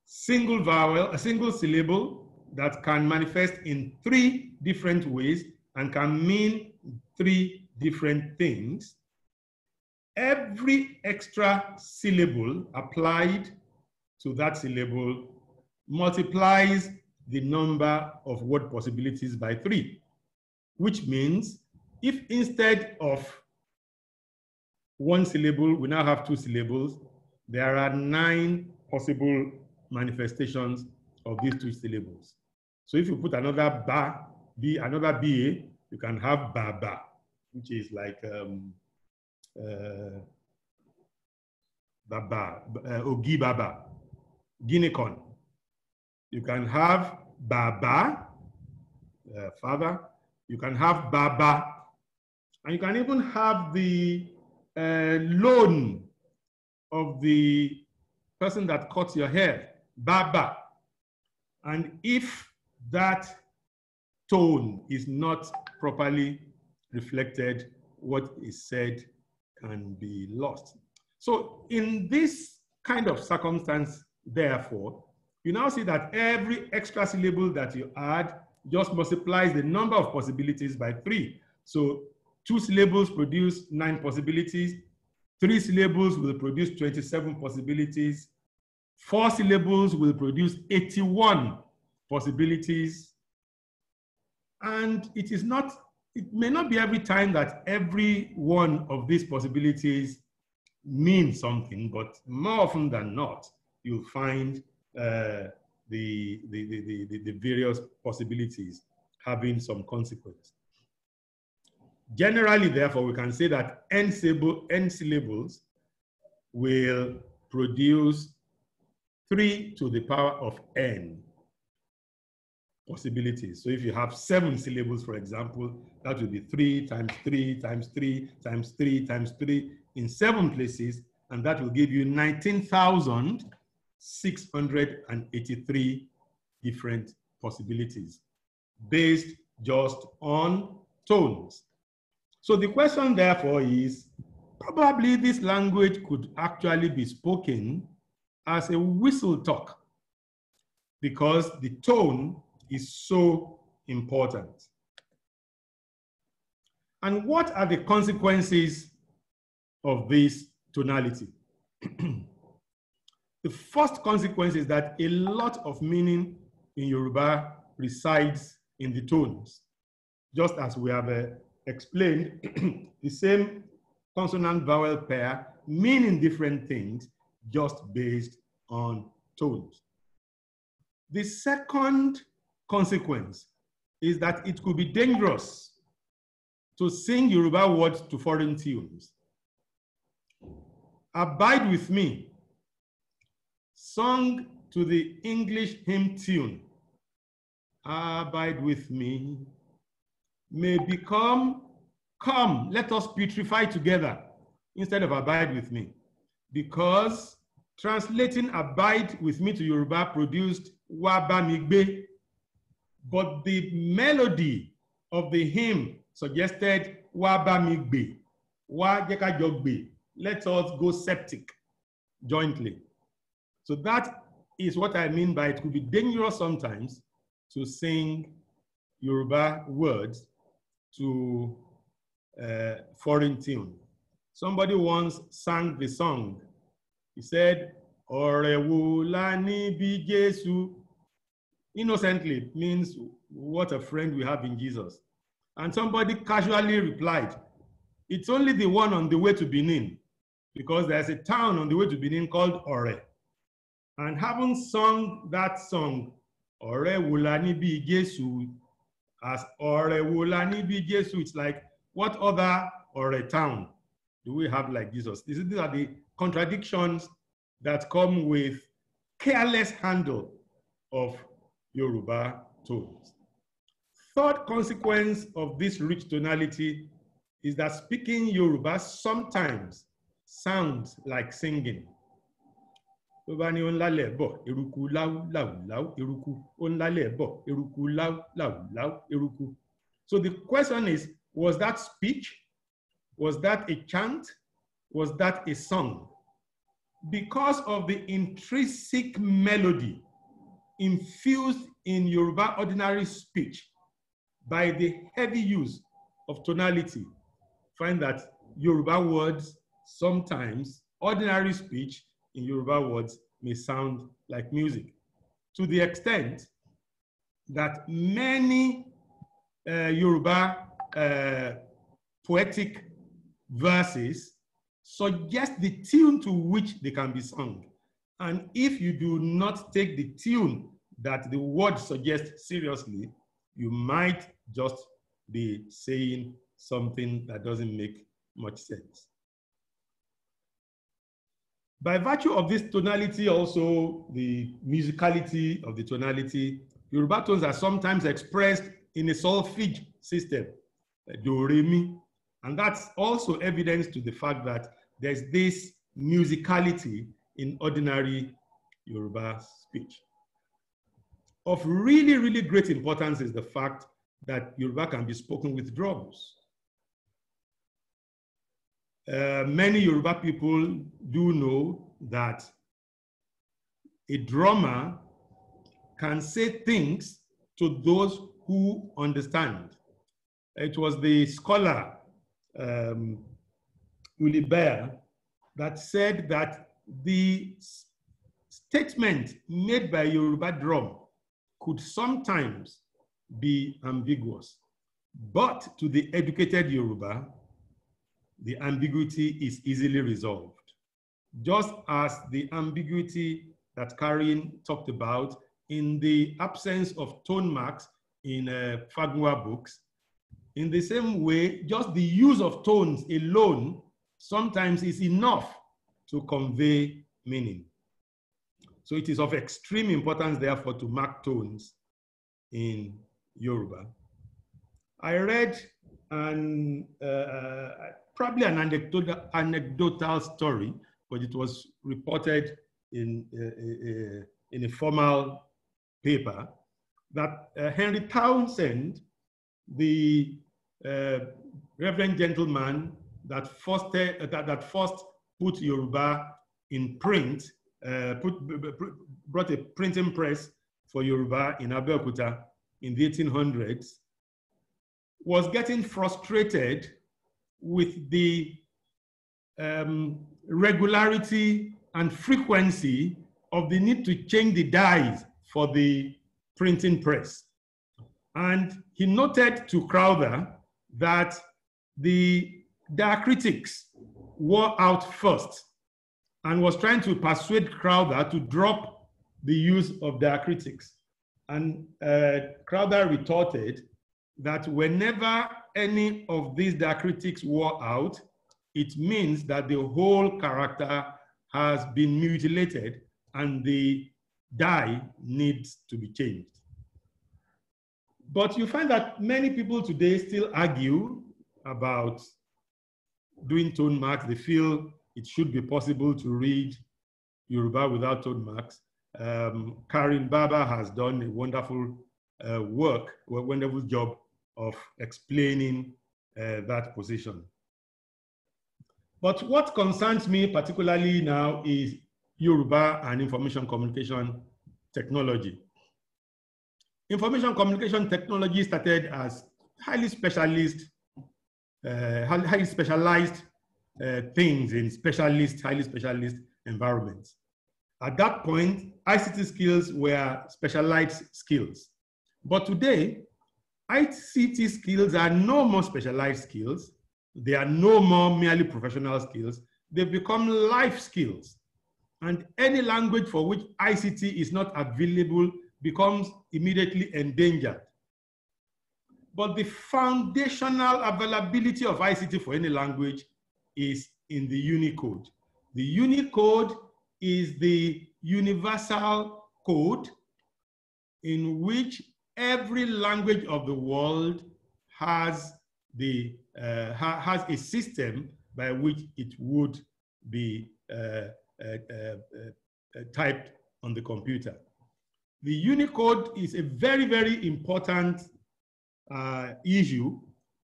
A: single vowel, a single syllable that can manifest in three different ways and can mean three different things, every extra syllable applied to that syllable multiplies the number of word possibilities by three, which means if instead of one syllable, we now have two syllables, there are nine possible manifestations of these two syllables. So if you put another ba, b, another ba, you can have baba, which is like um, uh, Baba, uh, Ogi Baba, Guinea-corn. You can have Baba, uh, father. You can have Baba. And you can even have the uh, loan of the person that cuts your hair, Baba. And if that tone is not properly reflected, what is said and be lost. So in this kind of circumstance, therefore, you now see that every extra syllable that you add just multiplies the number of possibilities by three. So two syllables produce nine possibilities, three syllables will produce 27 possibilities, four syllables will produce 81 possibilities, and it is not it may not be every time that every one of these possibilities means something, but more often than not, you find uh, the, the, the, the, the various possibilities having some consequence. Generally, therefore, we can say that n, n syllables will produce 3 to the power of n possibilities. So if you have seven syllables, for example, that would be three times three times three times three times three in seven places, and that will give you 19,683 different possibilities based just on tones. So the question therefore is, probably this language could actually be spoken as a whistle talk because the tone is so important. And what are the consequences of this tonality? the first consequence is that a lot of meaning in Yoruba resides in the tones. Just as we have uh, explained, the same consonant vowel pair meaning different things just based on tones. The second consequence is that it could be dangerous to sing Yoruba words to foreign tunes. Abide with me, sung to the English hymn tune. Abide with me, may become, come, let us putrefy together instead of abide with me. Because translating abide with me to Yoruba produced Wabamigbe, but the melody of the hymn suggested wá wá ká let us go septic jointly. So that is what I mean by it could be dangerous sometimes to sing Yoruba words to uh, foreign tune. Somebody once sang the song. He said, Ọ̀rẹ́ wo la ní bí Jésù? innocently means what a friend we have in Jesus. And somebody casually replied, It's only the one on the way to Benin, because there's a town on the way to Benin called Ore. And having sung that song, Ore Wulani Bi Jesu, as Ore Wulani Bi Jesu, it's like, what other Ore town do we have like Jesus? These are the contradictions that come with careless handle of Yoruba tones. Third consequence of this rich tonality is that speaking Yoruba sometimes sounds like singing. So the question is, was that speech? Was that a chant? Was that a song? Because of the intrinsic melody infused in Yoruba ordinary speech by the heavy use of tonality. Find that Yoruba words sometimes, ordinary speech in Yoruba words may sound like music. To the extent that many uh, Yoruba uh, poetic verses suggest the tune to which they can be sung. And if you do not take the tune that the word suggests seriously, you might just be saying something that doesn't make much sense. By virtue of this tonality, also the musicality of the tonality, Yoruba tones are sometimes expressed in a solfege system, do, re, mi. And that's also evidence to the fact that there's this musicality in ordinary Yoruba speech. Of really, really great importance is the fact that Yoruba can be spoken with drums. Uh, many Yoruba people do know that a drummer can say things to those who understand. It was the scholar um, Bear, that said that the statement made by Yoruba drum could sometimes be ambiguous, but to the educated Yoruba, the ambiguity is easily resolved. Just as the ambiguity that Karin talked about in the absence of tone marks in uh, Fagua books, in the same way, just the use of tones alone sometimes is enough to convey meaning. So it is of extreme importance, therefore, to mark tones in Yoruba. I read an, uh, uh probably an anecdotal, anecdotal story, but it was reported in, uh, uh in a formal paper that uh, Henry Townsend, the reverend gentleman that, fostered, that, that first put Yoruba in print, uh, put, brought a printing press for Yoruba in Abeokuta in the 1800s, was getting frustrated with the um, regularity and frequency of the need to change the dies for the printing press. And he noted to Crowther that the diacritics wore out first and was trying to persuade Crowder to drop the use of diacritics. And uh, Crowder retorted that whenever any of these diacritics wore out, it means that the whole character has been mutilated and the die needs to be changed. But you find that many people today still argue about doing tone marks, they feel it should be possible to read Yoruba without tone marks. Um, Karin Baba has done a wonderful uh, work, a wonderful job of explaining uh, that position. But what concerns me particularly now is Yoruba and information communication technology. Information communication technology started as highly specialist uh, highly specialized uh, things in specialist, highly specialist environments. At that point, ICT skills were specialized skills. But today, ICT skills are no more specialized skills. They are no more merely professional skills. They become life skills. And any language for which ICT is not available becomes immediately endangered. But the foundational availability of ICT for any language is in the Unicode. The Unicode is the universal code in which every language of the world has, the, uh, ha has a system by which it would be uh, uh, uh, uh typed on the computer. The Unicode is a very, very important uh, issue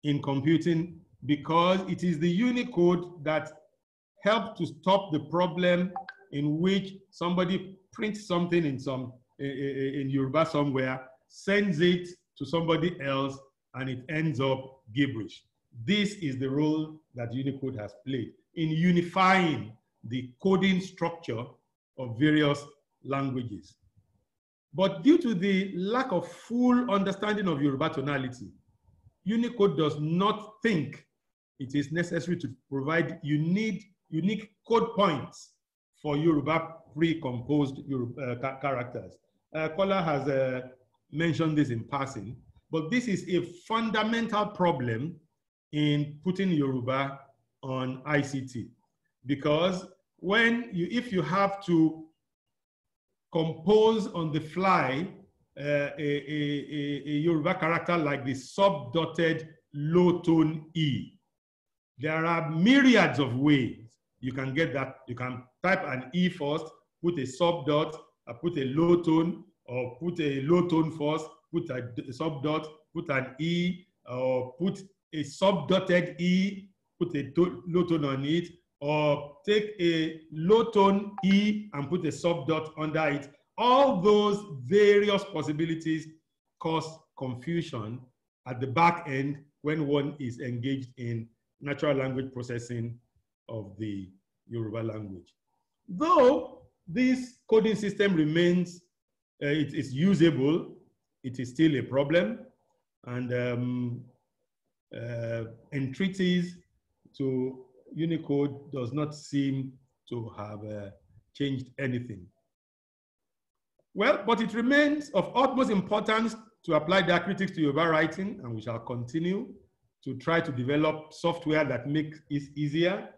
A: in computing because it is the Unicode that helped to stop the problem in which somebody prints something in some in Yoruba somewhere, sends it to somebody else, and it ends up gibberish. This is the role that Unicode has played in unifying the coding structure of various languages. But due to the lack of full understanding of Yoruba tonality, Unicode does not think it is necessary to provide unique, unique code points for Yoruba pre-composed uh, characters. Uh, Kola has uh, mentioned this in passing, but this is a fundamental problem in putting Yoruba on ICT because when you, if you have to compose on the fly uh, a, a, a Yoruba character like the sub-dotted low tone E. There are myriads of ways you can get that. You can type an E first, put a sub dot, uh, put a low tone, or put a low tone first, put a, sub dot, put an E, or put a sub dotted E, put a low tone on it, or take a low tone E and put a sub dot under it. All those various possibilities cause confusion at the back end when one is engaged in natural language processing of the Yoruba language.
F: Though
A: this coding system remains, uh, it is usable, it is still a problem, and um, uh, entreaties to Unicode does not seem to have uh, changed anything. Well, but it remains of utmost importance to apply diacritics to Yoruba writing, and we shall continue to try to develop software that makes it easier,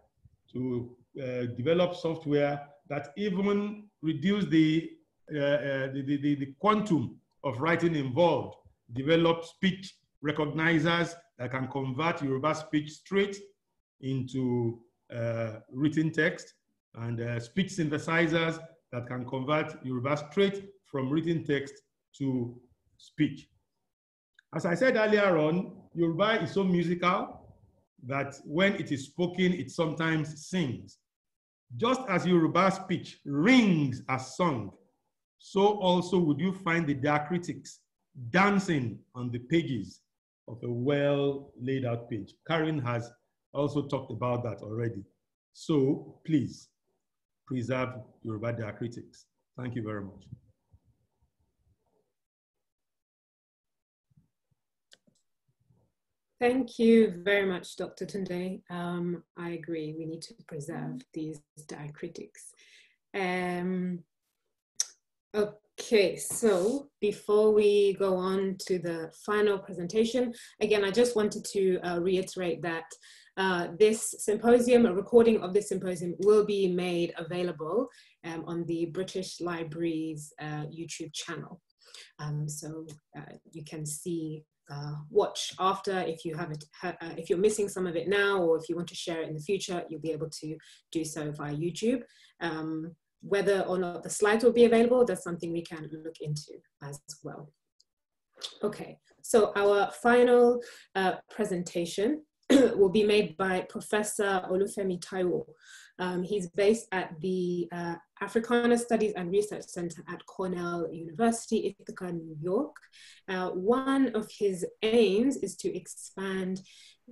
A: to uh, develop software that even reduce the, uh, uh, the, the, the, quantum of writing involved, develop speech recognizers that can convert Yoruba speech straight into uh, written text and uh, speech synthesizers that can convert Yoruba straight from written text to speech. As I said earlier on, Yoruba is so musical that when it is spoken, it sometimes sings. Just as Yoruba speech rings as song, so also would you find the diacritics dancing on the pages of a well laid out page. Karen has I also talked about that already. So please preserve Yoruba diacritics. Thank you very much.
C: Thank you very much, Dr. Tunde. Um, I agree, we need to preserve these diacritics. Um, oh, Okay, so before we go on to the final presentation, again, I just wanted to uh, reiterate that uh, this symposium, a recording of this symposium will be made available um, on the British Library's uh, YouTube channel. Um, so uh, you can see, uh, watch after if you have it, uh, if you're missing some of it now, or if you want to share it in the future, you'll be able to do so via YouTube. Um, whether or not the slides will be available, that's something we can look into as well. Okay, so our final uh, presentation will be made by Professor Olufemi Taiwo. Um, he's based at the uh, Africana Studies and Research Center at Cornell University, Ithaca, New York. Uh, one of his aims is to expand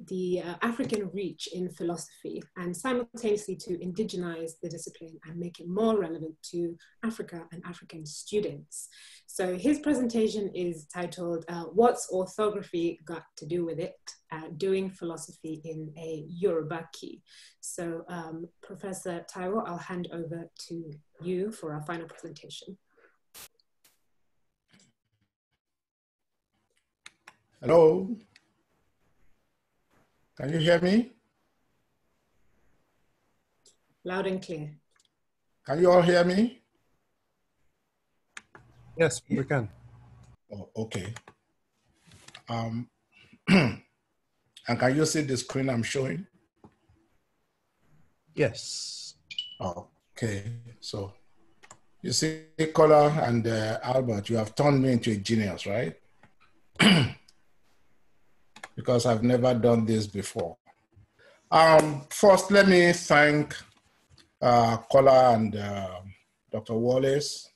C: the uh, African reach in philosophy and simultaneously to indigenize the discipline and make it more relevant to Africa and African students. So his presentation is titled, uh, What's Orthography Got to Do With It? Uh, Doing Philosophy in a Yoruba Key. So um, Professor Taiwo, I'll hand over to you for our final presentation.
G: Hello. Can you hear me? Loud and clear. Can you all hear me? Yes, we can. Oh, okay. Um, and can you see the screen I'm showing? Yes. Okay, so you see Nicola and uh, Albert, you have turned me into a genius, right? because I've never done this before. Um, first, let me thank uh, Kola and uh, um, Dr. Wallace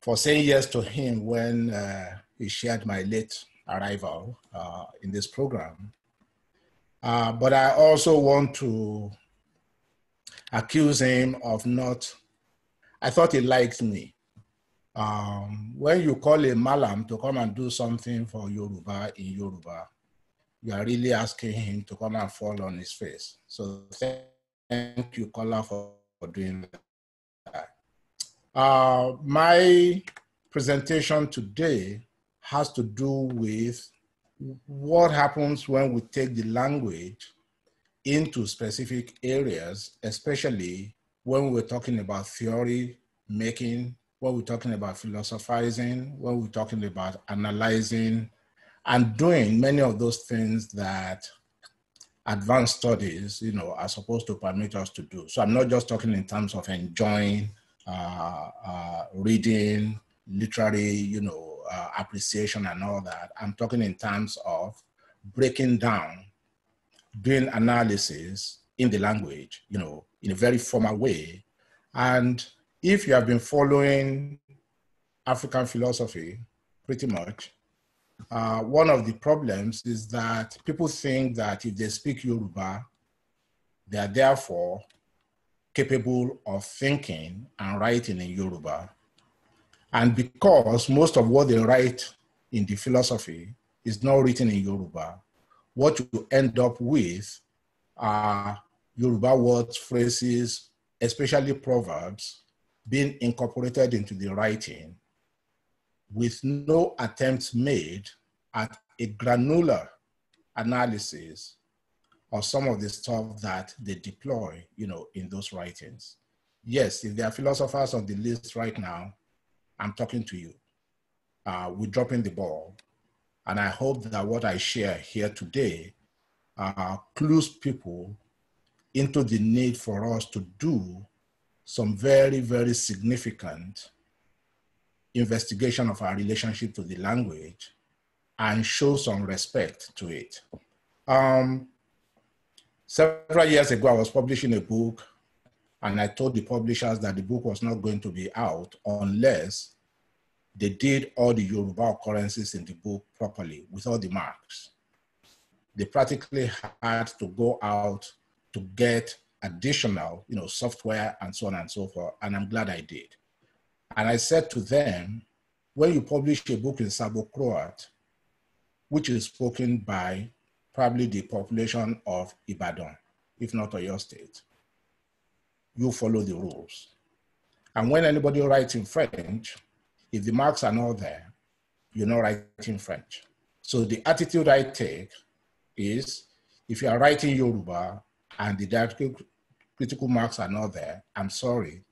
G: for saying yes to him when uh, he shared my late arrival uh, in this program. Uh, but I also want to accuse him of not, I thought he liked me. Um, when you call a malam to come and do something for Yoruba in Yoruba, you are really asking him to come and fall on his face. So thank you, Kola, for, for doing that. Uh, my presentation today has to do with what happens when we take the language into specific areas, especially when we're talking about theory making what we're talking about philosophizing, what we're talking about analyzing, and doing many of those things that advanced studies, you know, are supposed to permit us to do. So I'm not just talking in terms of enjoying uh, uh, reading, literary, you know, uh, appreciation and all that. I'm talking in terms of breaking down, doing analysis in the language, you know, in a very formal way, and if you have been following African philosophy pretty much, uh, one of the problems is that people think that if they speak Yoruba, they are therefore capable of thinking and writing in Yoruba. And because most of what they write in the philosophy is not written in Yoruba, what you end up with are Yoruba words, phrases, especially proverbs being incorporated into the writing with no attempts made at a granular analysis of some of the stuff that they deploy, you know, in those writings. Yes, if there are philosophers on the list right now, I'm talking to you. Uh, we're dropping the ball. And I hope that what I share here today uh, clues people into the need for us to do some very, very significant investigation of our relationship to the language and show some respect to it. Um, several years ago, I was publishing a book and I told the publishers that the book was not going to be out unless they did all the Yoruba occurrences in the book properly with all the marks. They practically had to go out to get additional, you know, software and so on and so forth. And I'm glad I did. And I said to them, when you publish a book in Sabo Croat, which is spoken by probably the population of Ibadan, if not your State, you follow the rules. And when anybody writes in French, if the marks are not there, you're not writing French. So the attitude I take is if you are writing Yoruba and the critical marks are not there, I'm sorry.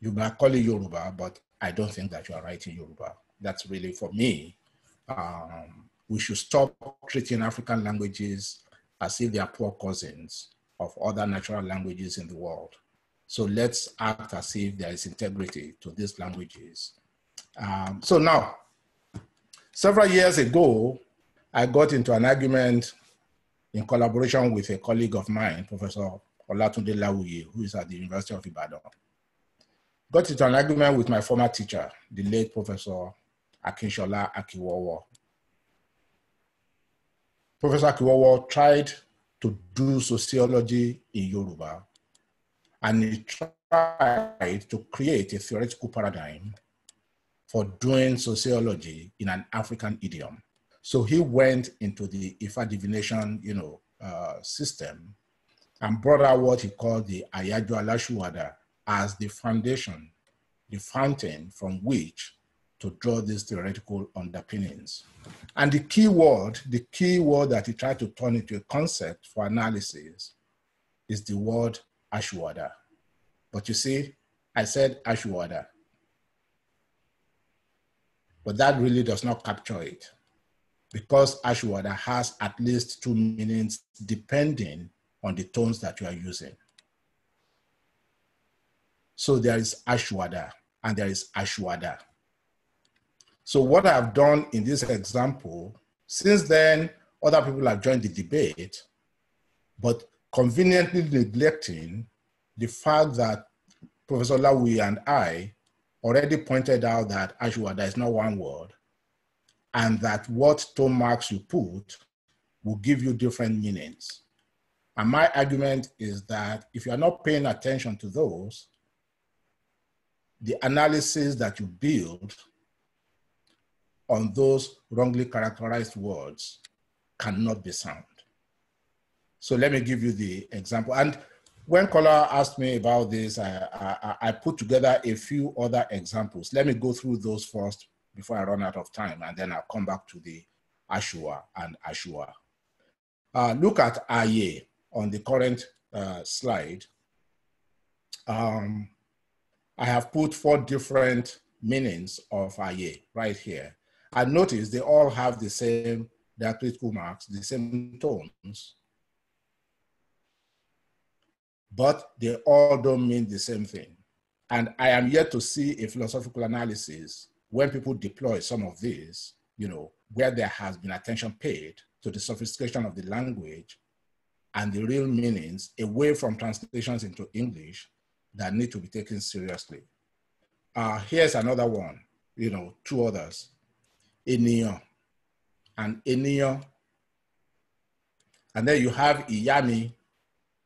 G: You might call it Yoruba, but I don't think that you are writing Yoruba. That's really for me. Um, we should stop treating African languages as if they are poor cousins of other natural languages in the world. So let's act as if there is integrity to these languages. Um, so now, several years ago, I got into an argument in collaboration with a colleague of mine, Professor Olatunde Lawuye, who is at the University of Ibadan. Got into an argument with my former teacher, the late Professor Akinshola Akiwowo. Professor Akiwowo tried to do sociology in Yoruba, and he tried to create a theoretical paradigm for doing sociology in an African idiom. So he went into the Ifa divination, you know, uh, system and brought out what he called the Ayaju Alashuwada as the foundation, the fountain from which to draw these theoretical underpinnings. And the key word, the key word that he tried to turn into a concept for analysis is the word Ashwada. But you see, I said Ashwada. But that really does not capture it because Ashwada has at least two meanings depending on the tones that you are using. So there is Ashwada and there is Ashwada. So what I've done in this example, since then, other people have joined the debate, but conveniently neglecting the fact that Professor Lawi and I already pointed out that Ashwada is not one word, and that what tone marks you put will give you different meanings. And my argument is that if you are not paying attention to those, the analysis that you build on those wrongly characterized words cannot be sound. So let me give you the example. And when Kola asked me about this, I, I, I put together a few other examples. Let me go through those first before I run out of time, and then I'll come back to the Ashua and Ashua. Uh, look at "ia" on the current uh, slide. Um, I have put four different meanings of "ia" right here. And notice they all have the same diacritical marks, the same tones, but they all don't mean the same thing. And I am yet to see a philosophical analysis when people deploy some of these, you know, where there has been attention paid to the sophistication of the language and the real meanings away from translations into English that need to be taken seriously. Uh, here's another one, you know, two others, Enio and Enio. And then you have Iyami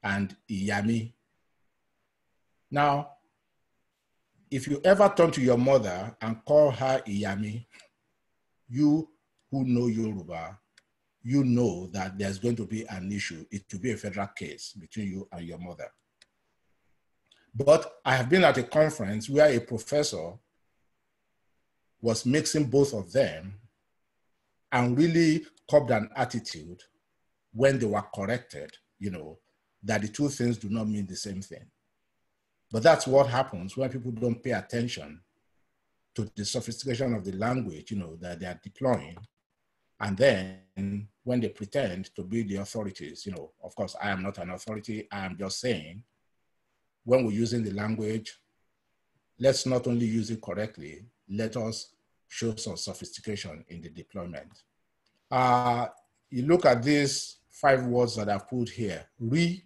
G: and Iyami. Now, if you ever turn to your mother and call her Iyami, you who know Yoruba, you know that there's going to be an issue. It will be a federal case between you and your mother. But I have been at a conference where a professor was mixing both of them and really copped an attitude when they were corrected, you know, that the two things do not mean the same thing. But that's what happens when people don't pay attention to the sophistication of the language, you know, that they are deploying. And then when they pretend to be the authorities, you know, of course, I am not an authority. I am just saying, when we're using the language, let's not only use it correctly, let us show some sophistication in the deployment. Uh, you look at these five words that I've put here, re,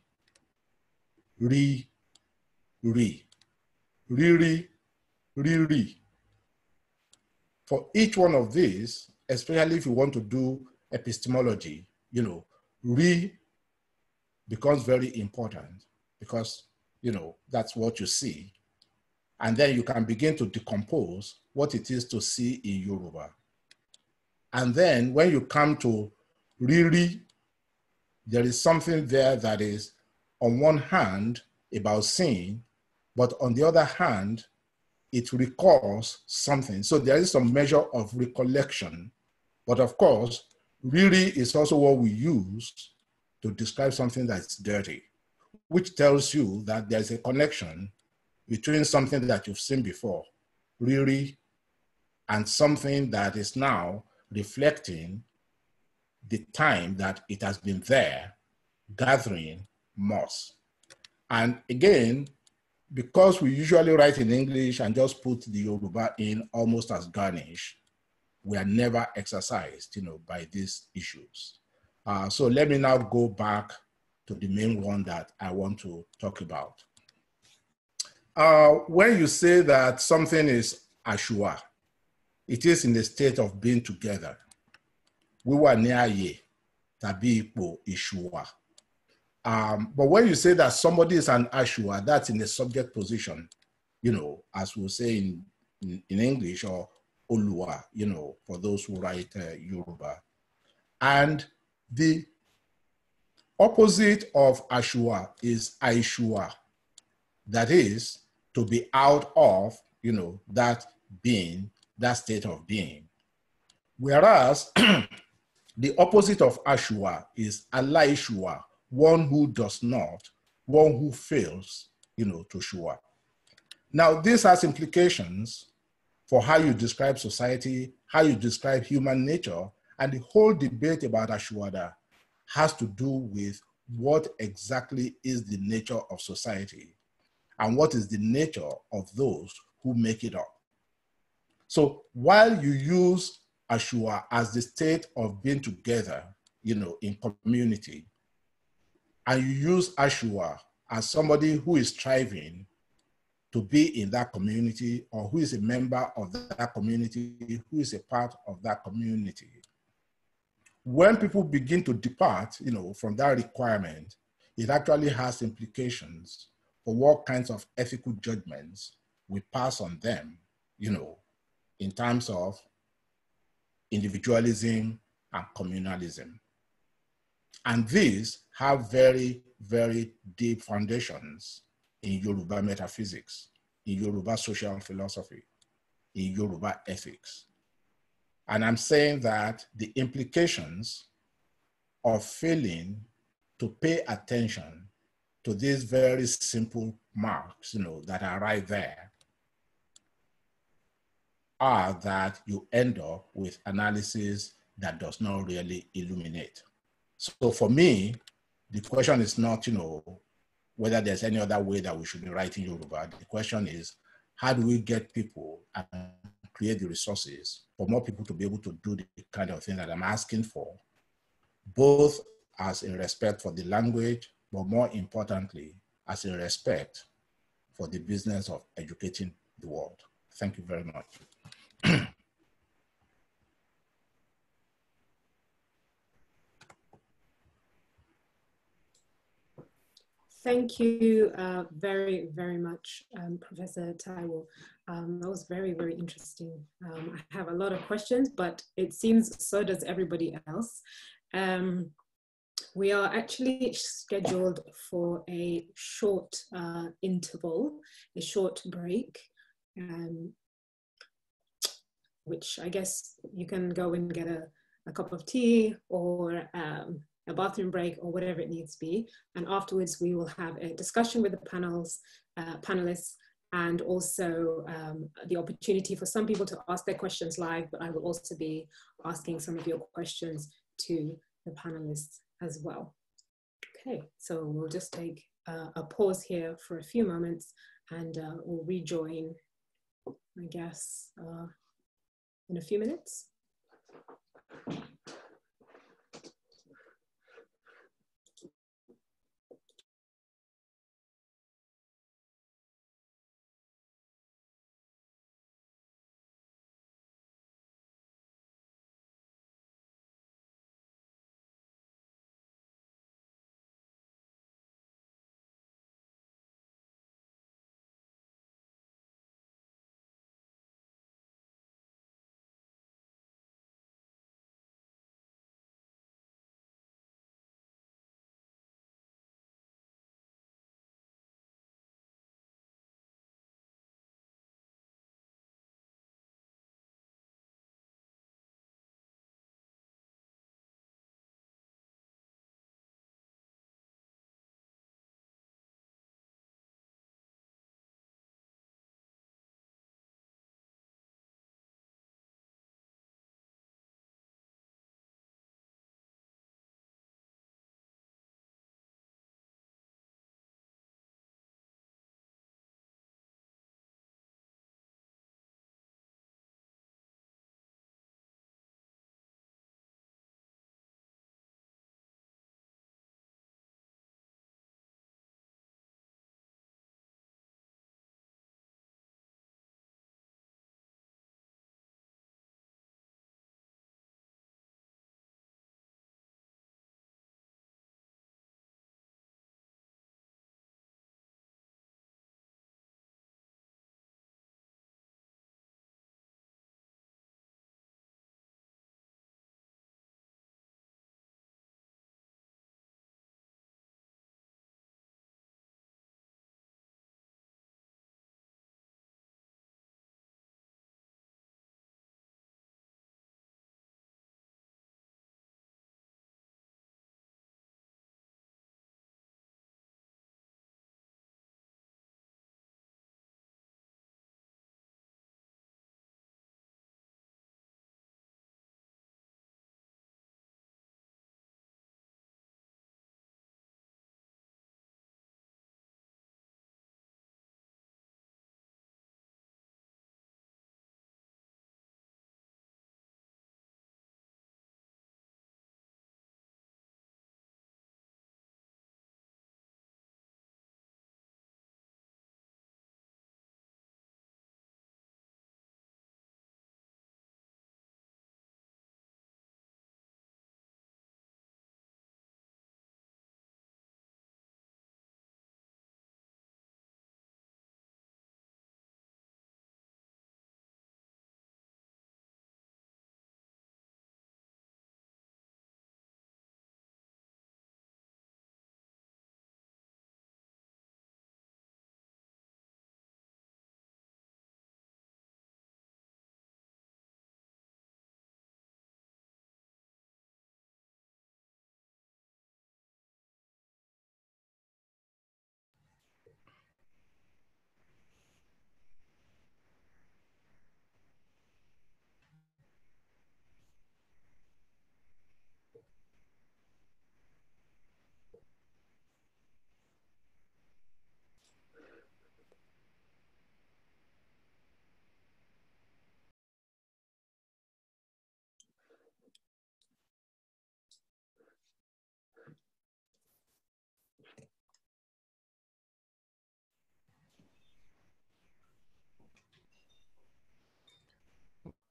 G: re, ri, riri, riri. For each one of these, especially if you want to do epistemology, you know, re becomes very important because, you know, that's what you see. And then you can begin to decompose what it is to see in Yoruba. And then when you come to really, there is something there that is, on one hand, about seeing, but on the other hand, it recalls something. So there is some measure of recollection. But of course, really is also what we use to describe something that's dirty, which tells you that there's a connection between something that you've seen before, really, and something that is now reflecting the time that it has been there gathering moss. And again, because we usually write in English and just put the Yoruba in almost as garnish, we are never exercised, you know, by these issues. Uh, so let me now go back to the main one that I want to talk about. Uh, when you say that something is Ashua, it is in the state of being together. We were near ye, tabi ipo Ishua. Um, but when you say that somebody is an Ashua, that's in the subject position, you know, as we'll say in, in, in English or Olua, you know, for those who write uh, Yoruba. And the opposite of Ashua is Aishua. That is to be out of, you know, that being, that state of being. Whereas the opposite of Ashua is Alaishua, one who does not, one who fails, you know, to show up. Now, this has implications for how you describe society, how you describe human nature, and the whole debate about Ashwada has to do with what exactly is the nature of society and what is the nature of those who make it up. So while you use Ashua as the state of being together, you know, in community, and you use Ashua as somebody who is striving to be in that community or who is a member of that community, who is a part of that community. When people begin to depart, you know, from that requirement, it actually has implications for what kinds of ethical judgments we pass on them, you know, in terms of individualism and communalism. And this have very, very deep foundations in Yoruba metaphysics, in Yoruba social philosophy, in Yoruba ethics. And I'm saying that the implications of failing to pay attention to these very simple marks, you know, that are right there, are that you end up with analysis that does not really illuminate. So for me, the question is not, you know, whether there's any other way that we should be writing Yoruba. The question is, how do we get people and create the resources for more people to be able to do the kind of thing that I'm asking for, both as in respect for the language, but more importantly, as in respect for the business of educating the world. Thank you very much.
C: Thank you uh, very, very much, um, Professor Taiwo. Um, that was very, very interesting. Um, I have a lot of questions, but it seems so does everybody else. Um, we are actually scheduled for a short uh, interval, a short break, um, which I guess you can go and get a, a cup of tea or um, a bathroom break or whatever it needs to be. And afterwards, we will have a discussion with the panels, uh, panelists and also um, the opportunity for some people to ask their questions live, but I will also be asking some of your questions to the panelists as well. Okay, so we'll just take uh, a pause here for a few moments and uh, we'll rejoin, I guess, uh, in a few minutes.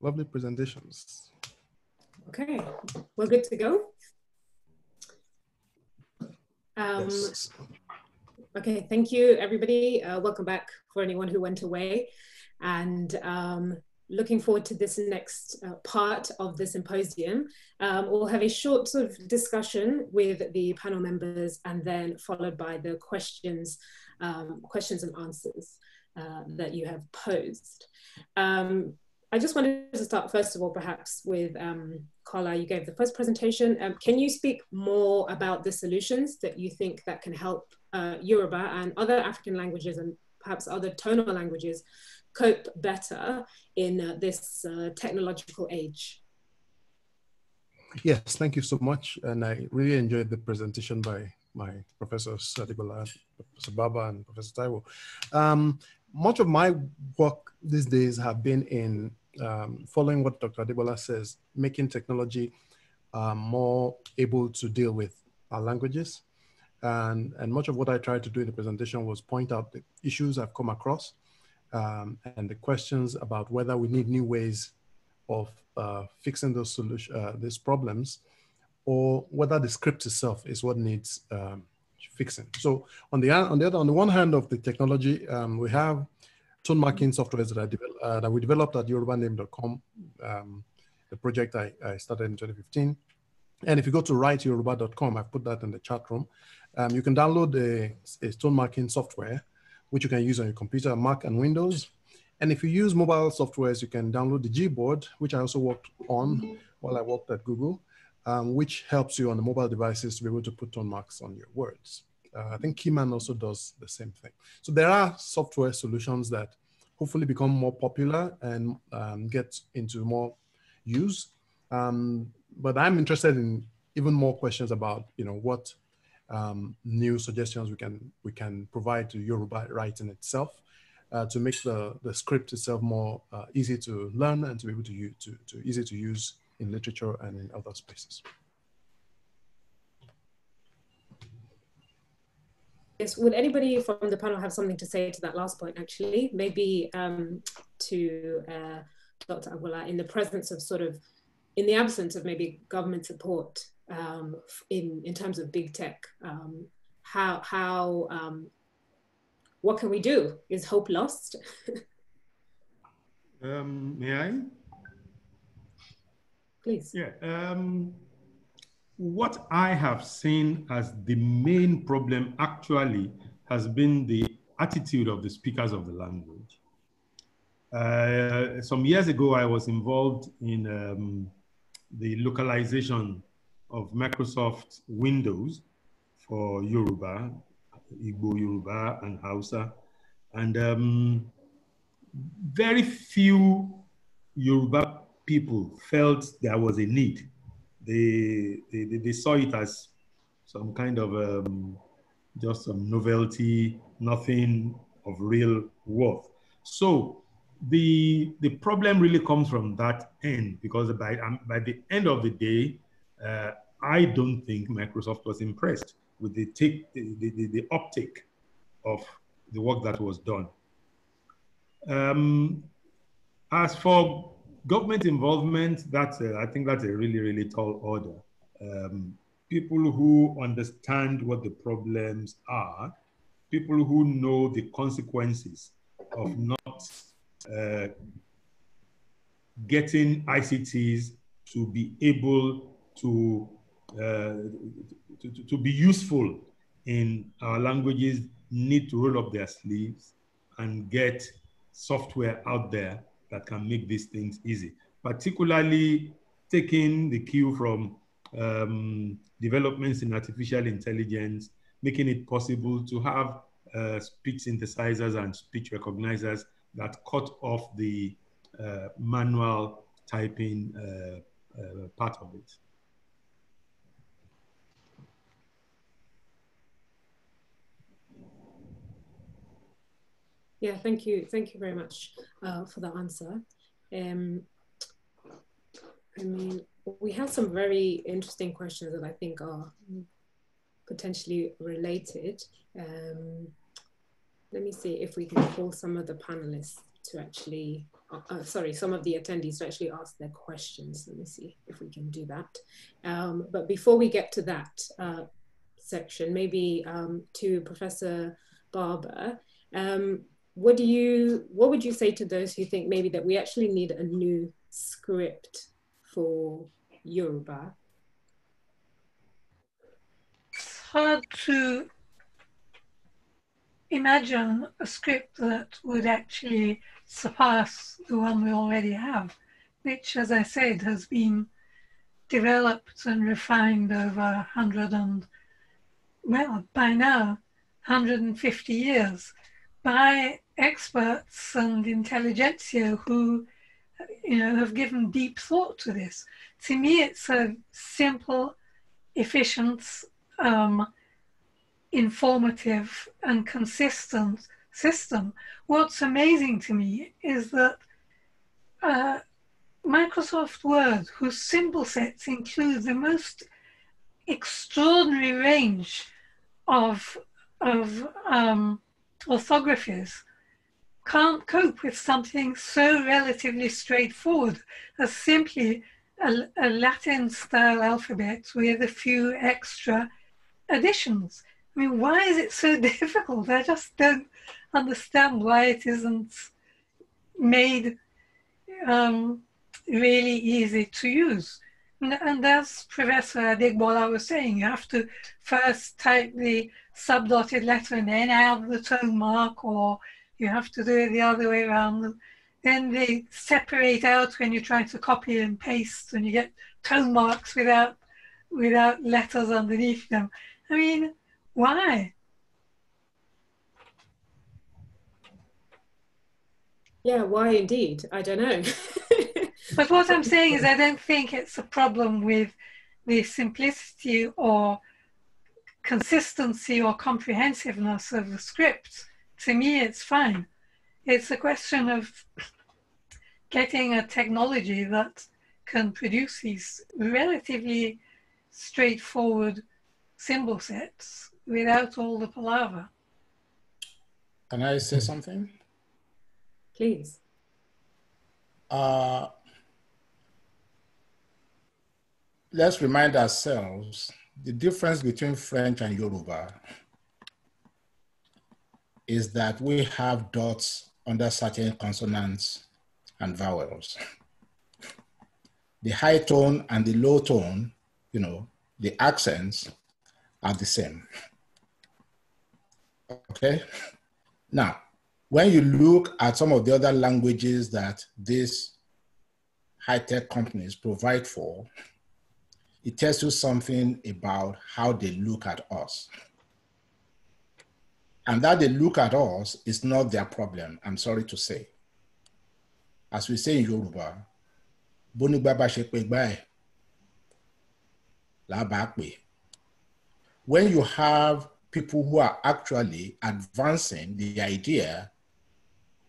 D: Lovely presentations.
C: Okay, we're good to go. Um, yes. Okay, thank you everybody. Uh, welcome back for anyone who went away. And um, looking forward to this next uh, part of the symposium. Um, we'll have a short sort of discussion with the panel members and then followed by the questions, um, questions and answers uh, that you have posed. Um, I just wanted to start first of all, perhaps with um, Carla, you gave the first presentation. Um, can you speak more about the solutions that you think that can help uh, Yoruba and other African languages and perhaps other tonal languages cope better in uh, this uh, technological age?
D: Yes, thank you so much. And I really enjoyed the presentation by my professors Sadibola, Professor Baba and Professor Taiwo. Um, much of my work these days have been in um, following what Dr. Debola says, making technology uh, more able to deal with our languages. And, and much of what I tried to do in the presentation was point out the issues I've come across um, and the questions about whether we need new ways of uh, fixing those solution, uh, these problems, or whether the script itself is what needs um, fixing. So on the on the other, on the one hand of the technology, um, we have tone marking software that uh, that we developed at yorubaname.com, um, the project I, I, started in 2015. And if you go to writeyoruba.com, I've put that in the chat room. Um, you can download a, a stone marking software, which you can use on your computer, Mac and Windows. And if you use mobile softwares, you can download the Gboard, which I also worked on while I worked at Google, um, which helps you on the mobile devices to be able to put tone marks on your words. Uh, I think Keyman also does the same thing. So there are software solutions that hopefully become more popular and um, get into more use. Um, but I'm interested in even more questions about you know what um, new suggestions we can we can provide to Yoruba writing itself uh, to make the, the script itself more uh, easy to learn and to be able to use to, to easy to use in literature and in other spaces.
C: Yes. Will anybody from the panel have something to say to that last point actually maybe um, to uh, dr Aguilar, in the presence of sort of in the absence of maybe government support um, in in terms of big tech um, how how um, what can we do is hope lost
A: um, may i please yeah um, what I have seen as the main problem actually has been the attitude of the speakers of the language. Uh, some years ago, I was involved in um, the localization of Microsoft Windows for Yoruba, Igbo Yoruba, and Hausa. And um, very few Yoruba people felt there was a need they, they, they saw it as some kind of um, just some novelty, nothing of real worth. So the the problem really comes from that end because by um, by the end of the day, uh, I don't think Microsoft was impressed with the take the, the, the uptake of the work that was done. Um, as for government involvement, that's a, I think that's a really, really tall order. Um, people who understand what the problems are, people who know the consequences of not uh, getting ICTs to be able to, uh, to, to be useful in our languages need to roll up their sleeves and get software out there that can make these things easy, particularly taking the cue from um, developments in artificial intelligence, making it possible to have uh, speech synthesizers and speech recognizers that cut off the uh, manual typing uh, uh part of it.
C: Yeah, thank you. Thank you very much uh, for the answer. Um, I mean, we have some very interesting questions that I think are potentially related. Um, let me see if we can call some of the panelists to actually, uh, uh, sorry, some of the attendees to actually ask their questions. Let me see if we can do that. Um, but before we get to that uh, section, maybe um, to Professor Barber, um, what do you what would you say to those who think maybe that we actually need a new script for Yoruba?
E: It's hard to imagine a script that would actually surpass the one we already have, which, as I said, has been developed and refined over 100 and, well, by now, 150 years by experts and intelligentsia who you know have given deep thought to this to me it's a simple efficient um, informative and consistent system what's amazing to me is that uh, microsoft word whose symbol sets include the most extraordinary range of of um, orthographies can't cope with something so relatively straightforward as simply a, a Latin style alphabet with a few extra additions. I mean, why is it so difficult? I just don't understand why it isn't made um, really easy to use. And, and as Professor Adigbola was saying, you have to first type the subdotted letter and then add the tone mark or you have to do it the other way around. Then they separate out when you're trying to copy and paste and you get tone marks without, without letters underneath them. I mean, why?
C: Yeah, why indeed? I don't know.
E: but what I'm saying is, I don't think it's a problem with the simplicity or consistency or comprehensiveness of the script to me, it's fine. It's a question of getting a technology that can produce these relatively straightforward symbol sets without all the palaver.
G: Can I say something? Please. Uh, let's remind ourselves the difference between French and Yoruba is that we have dots under certain consonants and vowels. The high tone and the low tone, you know, the accents are the same. Okay? Now, when you look at some of the other languages that these high tech companies provide for, it tells you something about how they look at us and that they look at us is not their problem, I'm sorry to say. As we say in Yoruba, Boni Baba When you have people who are actually advancing the idea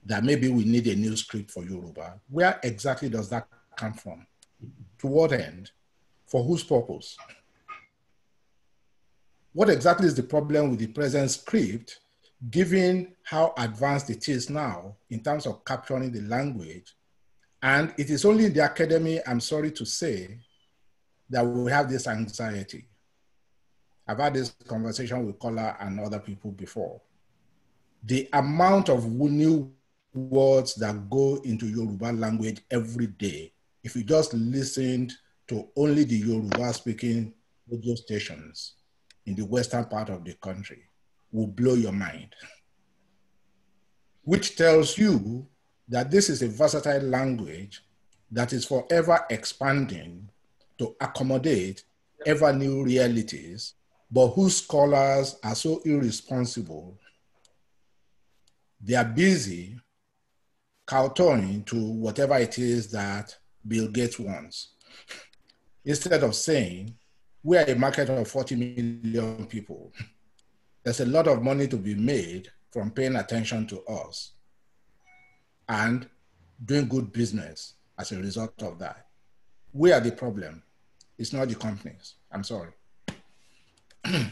G: that maybe we need a new script for Yoruba, where exactly does that come from? To what end? For whose purpose? What exactly is the problem with the present script given how advanced it is now in terms of capturing the language. And it is only in the academy, I'm sorry to say, that we have this anxiety. I've had this conversation with Kola and other people before. The amount of new words that go into Yoruba language every day, if you just listened to only the Yoruba speaking radio stations in the western part of the country, will blow your mind, which tells you that this is a versatile language that is forever expanding to accommodate ever new realities, but whose scholars are so irresponsible. They are busy kowtowing to whatever it is that Bill Gates wants. Instead of saying, we are a market of 40 million people there's a lot of money to be made from paying attention to us and doing good business as a result of that. We are the problem. It's not the companies. I'm sorry. yeah,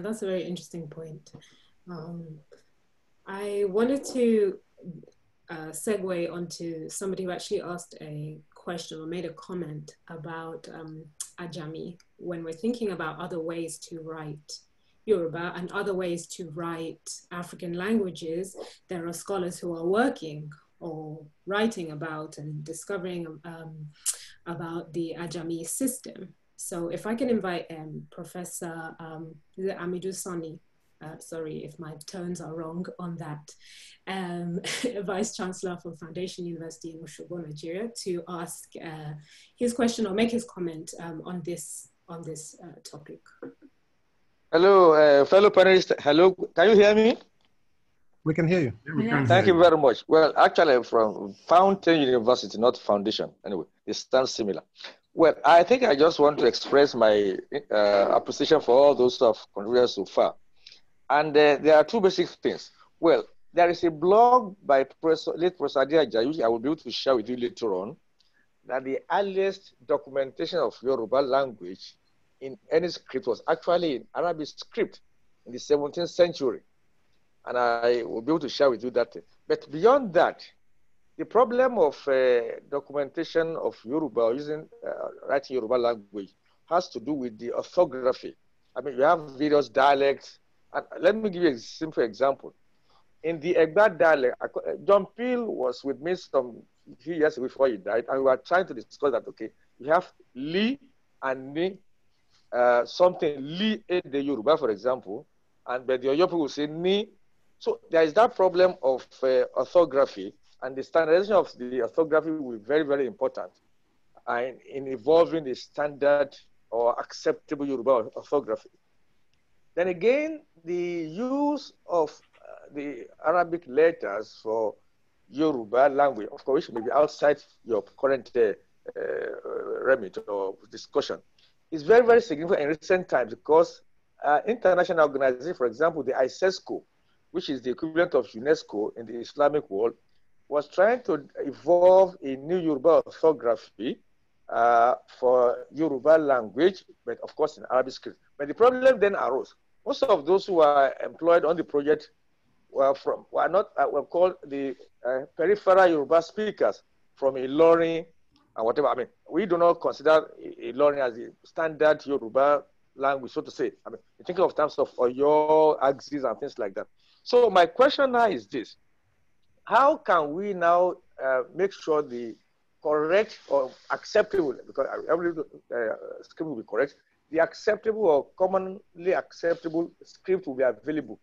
C: that's a very interesting point. Um, I wanted to uh, segue onto somebody who actually asked a question or made a comment about um, Ajami when we're thinking about other ways to write Yoruba and other ways to write African languages, there are scholars who are working or writing about and discovering um, about the Ajami system. So if I can invite um, Professor um, Amidou uh, sorry if my tones are wrong on that, um, Vice Chancellor for Foundation University in Oshobo, Nigeria, to ask uh, his question or make his comment um, on this on this uh, topic.
H: Hello, uh, fellow panelists. Hello, can you hear me?
D: We can hear you. Yeah, Can Thank hear
H: you very much. Well, actually, I'm from Fountain University, not Foundation. Anyway, it stands similar. Well, I think I just want to express my uh, appreciation for all those who have contributed so far. And uh, there are two basic things. Well, there is a blog by Professor, late Professor Adia I will be able to share with you later on, that the earliest documentation of Yoruba language in any script was actually in Arabic script in the 17th century. And I will be able to share with you that. But beyond that, the problem of uh, documentation of Yoruba using uh, writing Yoruba language has to do with the orthography. I mean, you have various dialects, and let me give you a simple example. In the Egba dialect, eh, John Peel was with me some few years before he died, and we were trying to discuss that, okay, we have Li and Ni, uh, something Li in the Yoruba, for example, and but the Yoruba people say Ni. So there is that problem of uh, orthography, and the standardization of the orthography will be very, very important in, in evolving the standard or acceptable Yoruba orthography. Then again, the use of uh, the Arabic letters for Yoruba language, of course, may be outside your current uh, uh, remit or discussion, is very, very significant in recent times because uh, international organizations, for example, the ISESCO, which is the equivalent of UNESCO in the Islamic world, was trying to evolve a new Yoruba orthography uh, for Yoruba language, but of course in Arabic script. But the problem then arose. Most of those who were employed on the project were from were not uh, were called the uh, peripheral Yoruba speakers from Ilorin and whatever. I mean, we do not consider Ilorin as the standard Yoruba language, so to say. I mean, you think of terms of your axis and things like that. So my question now is this: How can we now uh, make sure the correct or acceptable, because every uh, script will be correct, the acceptable or commonly acceptable script will be available.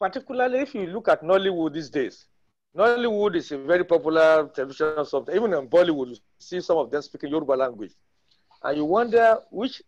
H: Particularly if you look at Nollywood these days. Nollywood is a very popular television software. Even in Bollywood, you see some of them speaking Yoruba language. And you wonder which,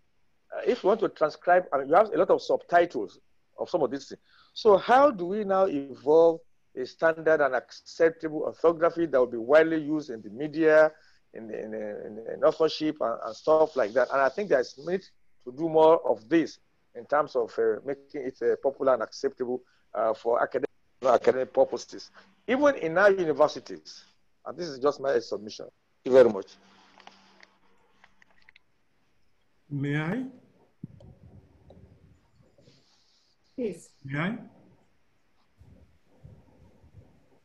H: uh, if you want to transcribe, and you have a lot of subtitles of some of these things. So how do we now evolve a standard and acceptable orthography that will be widely used in the media, in the, in the, in the and, and, stuff like that. And I think there's need to do more of this in terms of uh, making it uh, popular and acceptable uh, for academic, academic purposes. Even in our universities, and this is just my submission. Thank you very much.
A: May I? Please. May I?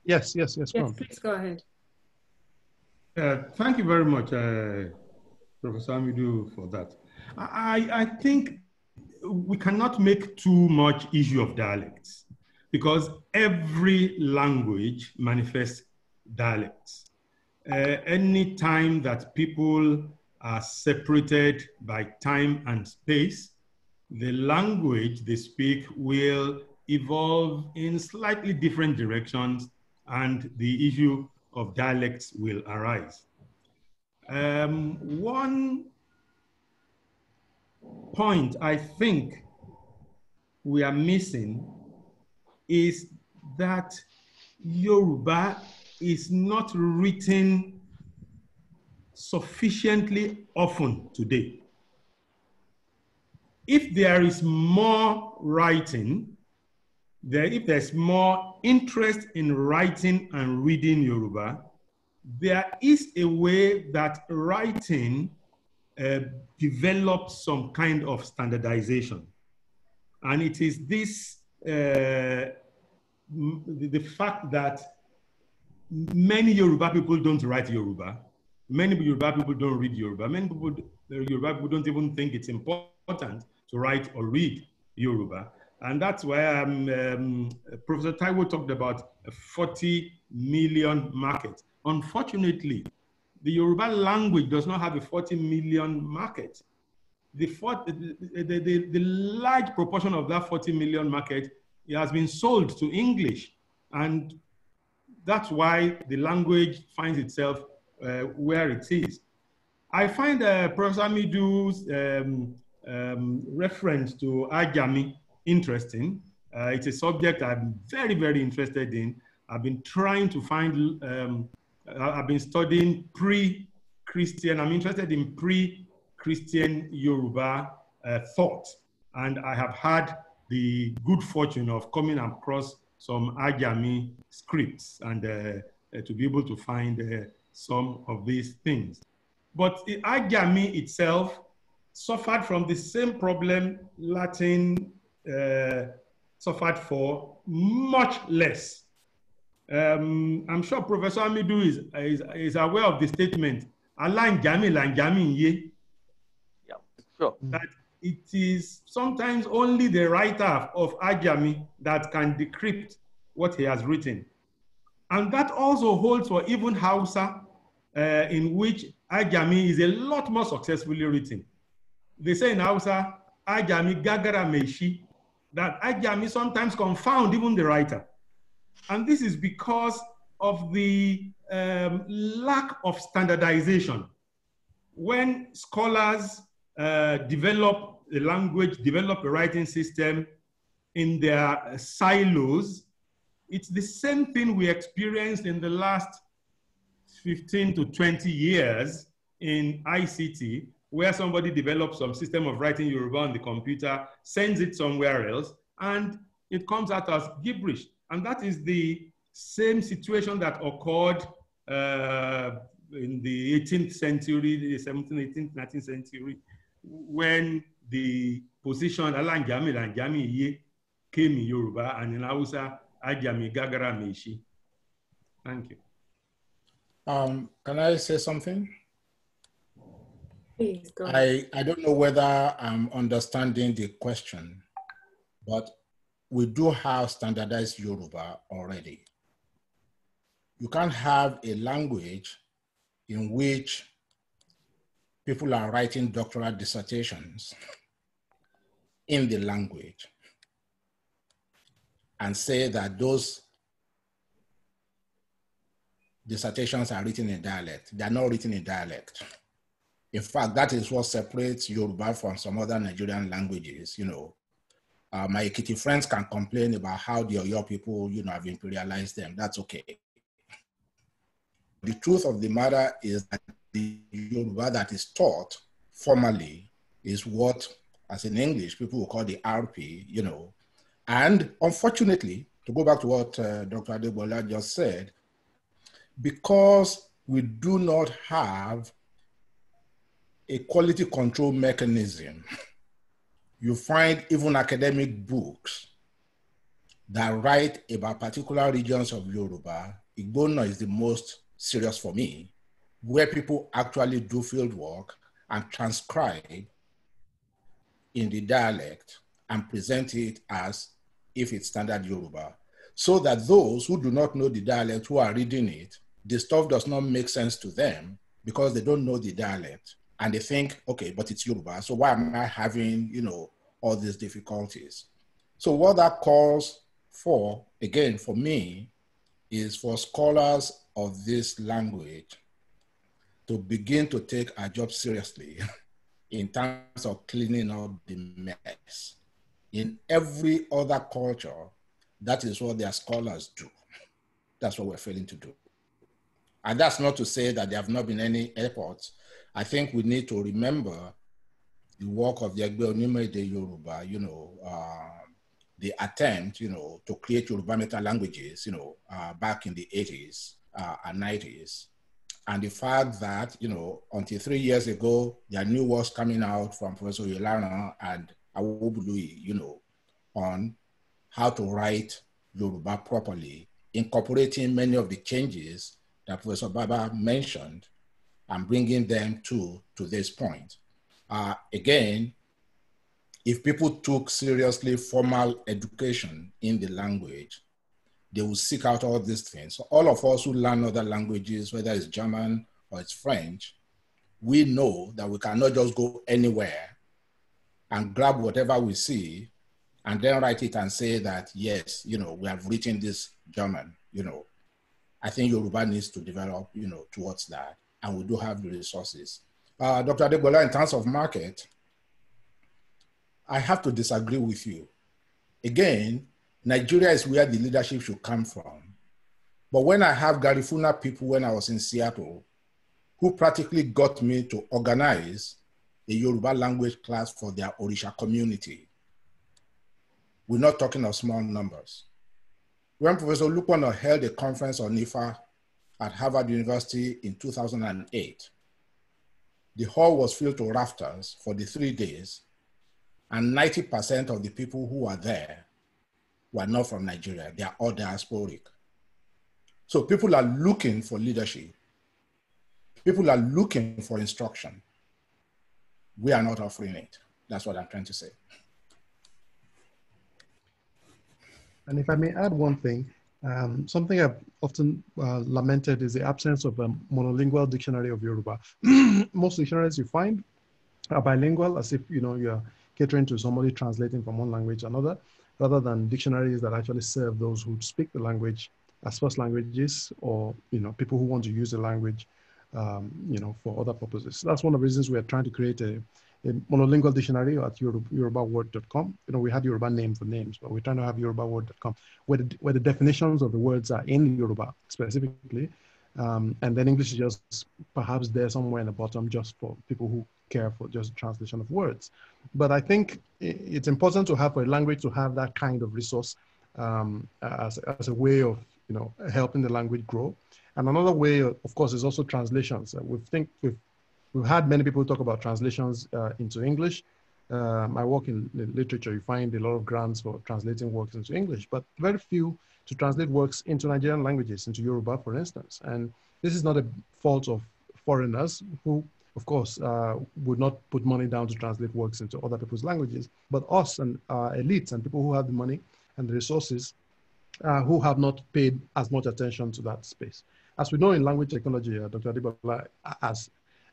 A: Yes, yes, yes. Yes, please go ahead. Uh, thank you very much, uh, Professor Amidu, for that.
F: I, I think
A: we cannot make too much issue of dialects because every language manifests dialects. Uh, any time that people are separated by time and space, the language they speak will evolve in slightly different directions and the issue of dialects will arise. Um, one point I think we are missing is that Yoruba is not written sufficiently often today. If there is more writing, there, if there's more interest in writing and reading Yoruba, there is a way that writing uh, develops some kind of standardization. And it is this, uh, the fact that many Yoruba people don't write Yoruba. Many Yoruba people don't read Yoruba. Many people, uh, Yoruba people don't even think it's important to write or read Yoruba. And that's why um, um, Professor Taiwo talked about a 40 million market. Unfortunately, the Yoruba language does not have a 40 million market. The, the, the, the, large proportion of that 40 million market has been sold to English. And that's why the language finds itself uh, where it is. I find uh, Professor Midu's um, um, reference to Ajami interesting. Uh, it's a subject I'm very, very interested in. I've been trying to find, um, I've been studying pre-Christian, I'm interested in pre-Christian Yoruba uh, thought. And I have had the good fortune of coming across some Ajami scripts and uh, uh to be able to find uh, some of these things. But the Ajami itself suffered from the same problem Latin uh, suffered for much less. Um, I'm sure Professor Amidu is, is, is aware of the statement, Alanjami, Lanjami Ye. Yeah, sure. Mm. That it is sometimes only the writer of Ajami that can decrypt what he has written. And that also holds for even Hausa, uh, in which Ajami is a lot more successfully written. They say in Hausa, Ajami Gagara Meshi, that Ajami sometimes confound even the writer. And this is because of the um, lack of standardization. When scholars uh, develop a language, develop a writing system in their uh, silos, it's the same thing we experienced in the last 15 to 20 years in ICT where somebody develops some system of writing Yoruba on the computer, sends it somewhere else, and it comes out as gibberish. And that is the same situation that occurred uh, in the 18th century, the 17th, 18th, 19th century, when the position Alangami Langami Ye came in Yoruba and in Hausa, Ajami Gagara
G: Meshi. Thank you. Um, can I say something?
C: Please go I, I don't know
G: whether I'm understanding the question, but we do have standardized Yoruba already. You can't have a language in which people are writing doctoral dissertations in the language and say that those dissertations are written in dialect. They are not written in dialect. In fact, that is what separates Yoruba from some other Nigerian languages, you know. Uh, my Ekiti friends can complain about how the Oyo people, you know, have imperialized them. That's okay. The truth of the matter is that the Yoruba that is taught formally is what, as in English, people will call the RP, you know. And unfortunately, to go back to what uh, Dr. Adebola just said, because we do not have a quality control mechanism, you find even academic books that write about particular regions of Yoruba. Igbona is the most serious for me, where people actually do field work and transcribe in the dialect and present it as if it's standard Yoruba, so that those who do not know the dialect who are reading it, the stuff does not make sense to them because they don't know the dialect and they think, okay, but it's Yoruba, so why am I having, you know, all these difficulties? So what that calls for, again, for me, is for scholars of this language to begin to take our job seriously in terms of cleaning up the mess. In every other culture, that is what their scholars do. That's what we're failing to do. And that's not to say that there have not been any efforts I think we need to remember the work of the Agbe Onimede Yoruba, you know, uh, the attempt, you know, to create Yoruba meta languages, you know, uh, back in the 80s uh, and 90s. And the fact that, you know, until three years ago, there are new works coming out from Professor Yolana and Awobului, you know, on how to write Yoruba properly, incorporating many of the changes that Professor Baba mentioned and bringing them to, to this point. Uh, again, if people took seriously formal education in the language, they will seek out all these things. So all of us who learn other languages, whether it's German or it's French, we know that we cannot just go anywhere and grab whatever we see and then write it and say that, yes, you know, we have written this German, you know. I think Yoruba needs to develop, you know, towards that and we do have the resources. Uh, Dr. Adebola, in terms of market, I have to disagree with you. Again, Nigeria is where the leadership should come from. But when I have Garifuna people when I was in Seattle, who practically got me to organize a Yoruba language class for their Orisha community. We're not talking of small numbers. When Professor Lupono held a conference on IFA at Harvard University in 2008. The hall was filled to rafters for the three days, and 90% of the people who were there were not from Nigeria. They are all diasporic. So people are looking for leadership. People are looking for instruction. We are not offering it. That's what I'm trying to say.
D: And if I may add one thing, um, something I've often uh, lamented is the absence of a monolingual dictionary of Yoruba. Most dictionaries you find are bilingual, as if you know you're catering to somebody translating from one language to another, rather than dictionaries that actually serve those who speak the language as first languages, or you know people who want to use the language, um, you know, for other purposes. that's one of the reasons we are trying to create a a monolingual dictionary at yorubaword.com. You know, we had Yoruba name for names, but we're trying to have yorubaword.com, where the, where the definitions of the words are in Yoruba specifically. Um, and then English is just perhaps there somewhere in the bottom just for people who care for just translation of words. But I think it's important to have for a language to have that kind of resource um, as, as a way of, you know, helping the language grow. And another way, of course, is also translations. We think we've We've had many people talk about translations uh, into English. Um, I work in literature, you find a lot of grants for translating works into English, but very few to translate works into Nigerian languages, into Yoruba, for instance. And this is not a fault of foreigners who, of course, uh, would not put money down to translate works into other people's languages, but us and elites and people who have the money and the resources uh, who have not paid as much attention to that space. As we know in language technology, uh, Dr. Adibola, as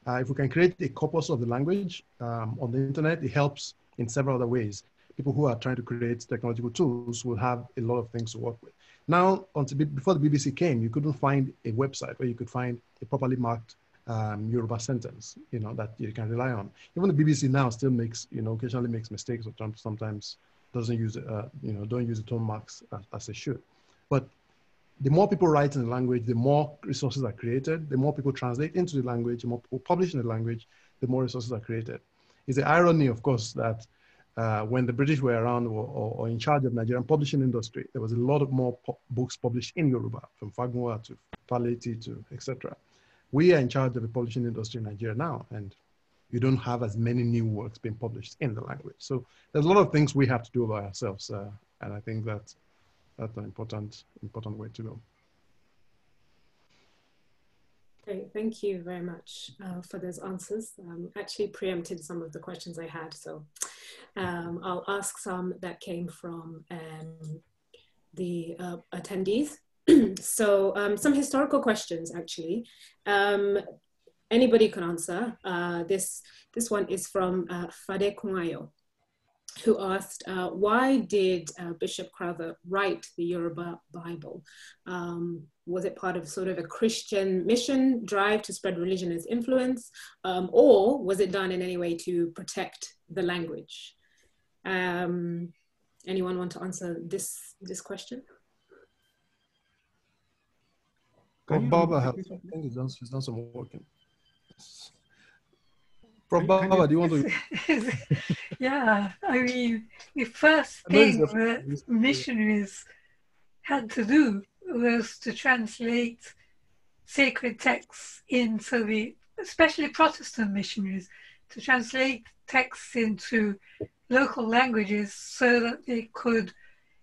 D: uh, if we can create a corpus of the language um, on the internet, it helps in several other ways. People who are trying to create technological tools will have a lot of things to work with. Now, until, before the BBC came, you couldn't find a website where you could find a properly marked um, Yoruba sentence, you know, that you can rely on. Even the BBC now still makes, you know, occasionally makes mistakes or sometimes doesn't use, uh, you know, don't use the tone marks as, as they should. But the more people write in the language, the more resources are created. The more people translate into the language, the more people publish in the language, the more resources are created. It's the irony, of course, that uh, when the British were around or, or, or, in charge of Nigerian publishing industry, there was a lot of more po- books published in Yoruba, from Fagunwa to Faleti to etc. We are in charge of the publishing industry in Nigeria now, and you don't have as many new works being published in the language. So there's a lot of things we have to do by ourselves, uh, and I think that that's an important, important way to go.
C: Okay, thank you very much uh, for those answers. Um, actually preempted some of the questions I had, so um, I'll ask some that came from um, the uh, attendees. so um, some historical questions, actually. Um, anybody can answer. Uh, this, this one is from uh, Fade Kungayo who asked, uh, why did uh, Bishop Crowther write the Yoruba Bible? Um, was it part of sort of a Christian mission drive to spread religion as influence? Um, or was it done in any way to protect the language? Um, anyone want to answer this, this question?
D: Well, has, I think not working. From Baba, do you want
E: to? yeah, I mean, the first thing that missionaries had to do was to translate sacred texts into the, especially Protestant missionaries, to translate texts into local languages so that they could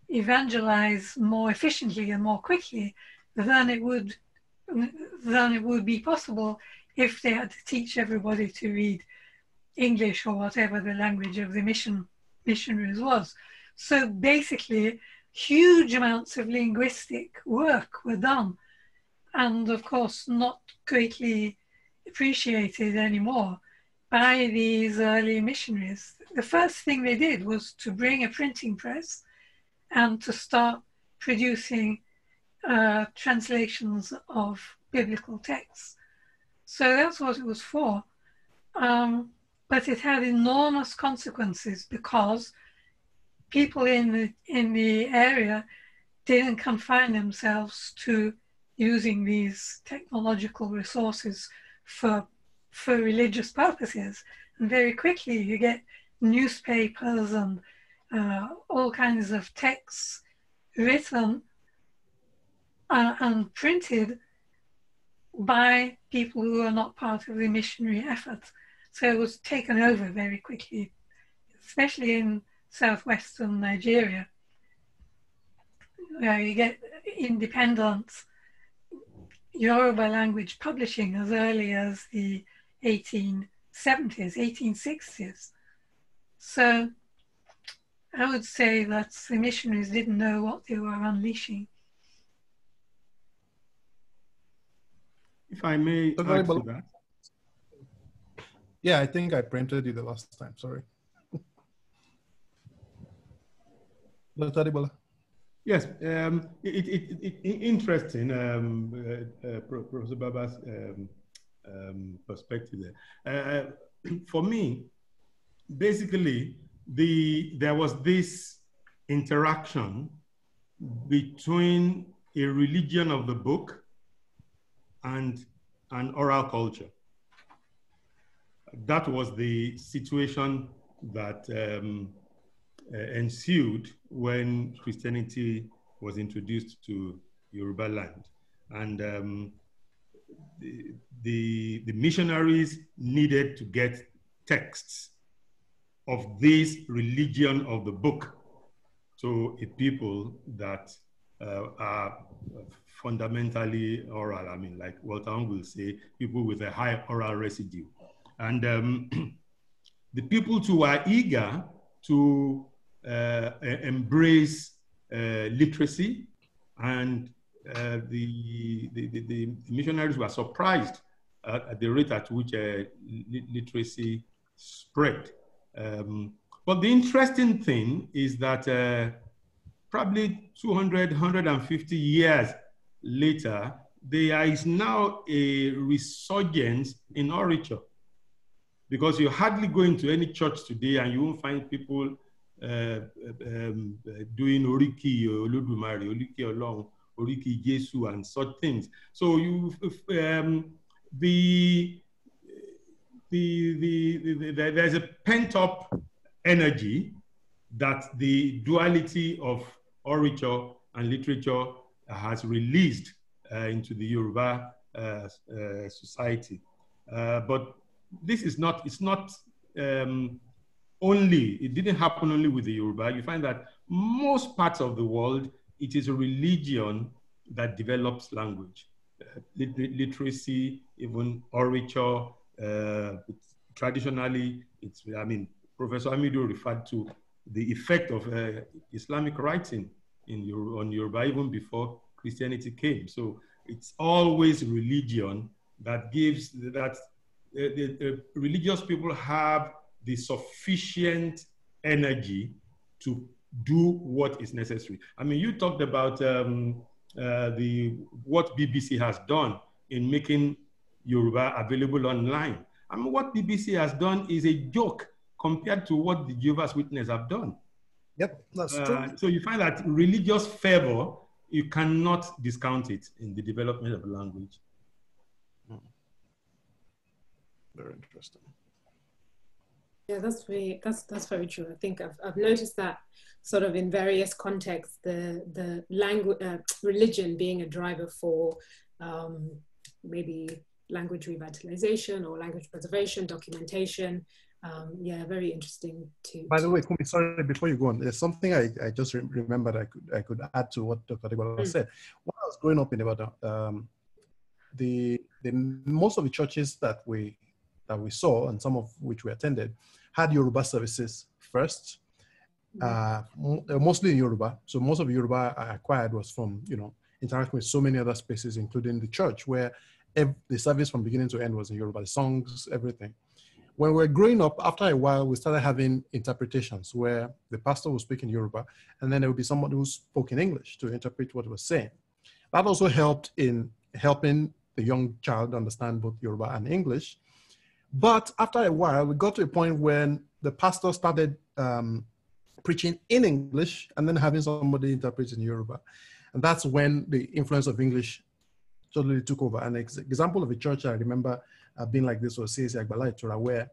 E: evangelize more efficiently and more quickly than it would than it would be possible if they had to teach everybody to read English or whatever the language of the mission missionaries was. So basically, huge amounts of linguistic work were done, and of course, not greatly appreciated anymore by these early missionaries. The first thing they did was to bring a printing press and to start producing uh, translations of biblical texts. So that's what it was for. Um, but it had enormous consequences because people in the, in the area didn't confine themselves to using these technological resources for for religious purposes. And very quickly, you get newspapers and uh, all kinds of texts written uh, and printed by people who are not part of the missionary effort. So it was taken over very quickly, especially in southwestern Nigeria, where you get independence Yoruba language publishing as early as the 1870s, 1860s. So I would say that the missionaries didn't know what they were unleashing.
D: If I may add to that, yeah, I think I printed you the last time. Sorry. Yes, um, it, it, it, interesting,
A: um, uh, uh, Professor Baba's um, um, perspective there. Uh, for me, basically, the there was this interaction between a religion of the book and an oral culture that was the situation that um, uh, ensued when Christianity was introduced to Yoruba land. And um, the, the, the missionaries needed to get texts of this religion of the book to a people that uh, are fundamentally oral. I mean, like Walter Hong will say, people with a high oral residue. And um, the people too are eager to uh, embrace uh, literacy, and uh, the, the, the, the, missionaries were surprised at, at the rate at which uh, literacy spread. Um, but the interesting thing is that uh, probably 200, 150 years later, there is now a resurgence in orature because you hardly go into any church today and you won't find people uh, um, doing oriki ludumari oriki along oriki jesu and such things so you um, the, the, the, the, the there's a pent up energy that the duality of orature and literature has released uh, into the Yoruba uh, uh, society. Uh, but this is not, it's not um, only, it didn't happen only with the Yoruba. You find that most parts of the world, it is a religion that develops language, uh, literacy, even orature. Uh, it's, traditionally, it's, I mean, Professor Amido referred to the effect of uh, Islamic writing in your on Yoruba even before Christianity came. So it's always religion that gives that the, the, the religious people have the sufficient energy to do what is necessary. I mean, you talked about um, uh, the what BBC has done in making Yoruba available online. I mean, what BBC has done is a joke compared to what the Jehovah's Witness have done. Yep, that's uh, true. So you find that religious fervor, you cannot discount it in the development of language very
D: interesting.
C: Yeah, that's very that's that's very true. I think I've I've noticed that sort of in various contexts, the the language uh, religion being a driver for um, maybe language revitalization or language preservation, documentation. Um, yeah, very interesting too. By the
D: way, Kumi, sorry, before you go on, there's something I, I just re remembered I could I could add to what Dr. Degwala mm. said. When I was growing up in Ibadan, um, the the most of the churches that we that we saw and some of which we attended had Yoruba services first, mm-hmm. uh, uh, mostly in Yoruba. So most of Yoruba I acquired was from, you know, interacting with so many other spaces, including the church, where the service from beginning to end was in Yoruba, the songs, everything. When we were growing up, after a while, we started having interpretations where the pastor would speak in Yoruba, and then there would be someone who spoke in English to interpret what was saying. That also helped in helping the young child understand both Yoruba and English, but after a while, we got to a point when the pastor started um, preaching in English and then having somebody interpret in Yoruba. And that's when the influence of English totally took over. An ex- example of a church I remember uh, being like this was CAC Agbala Itura, where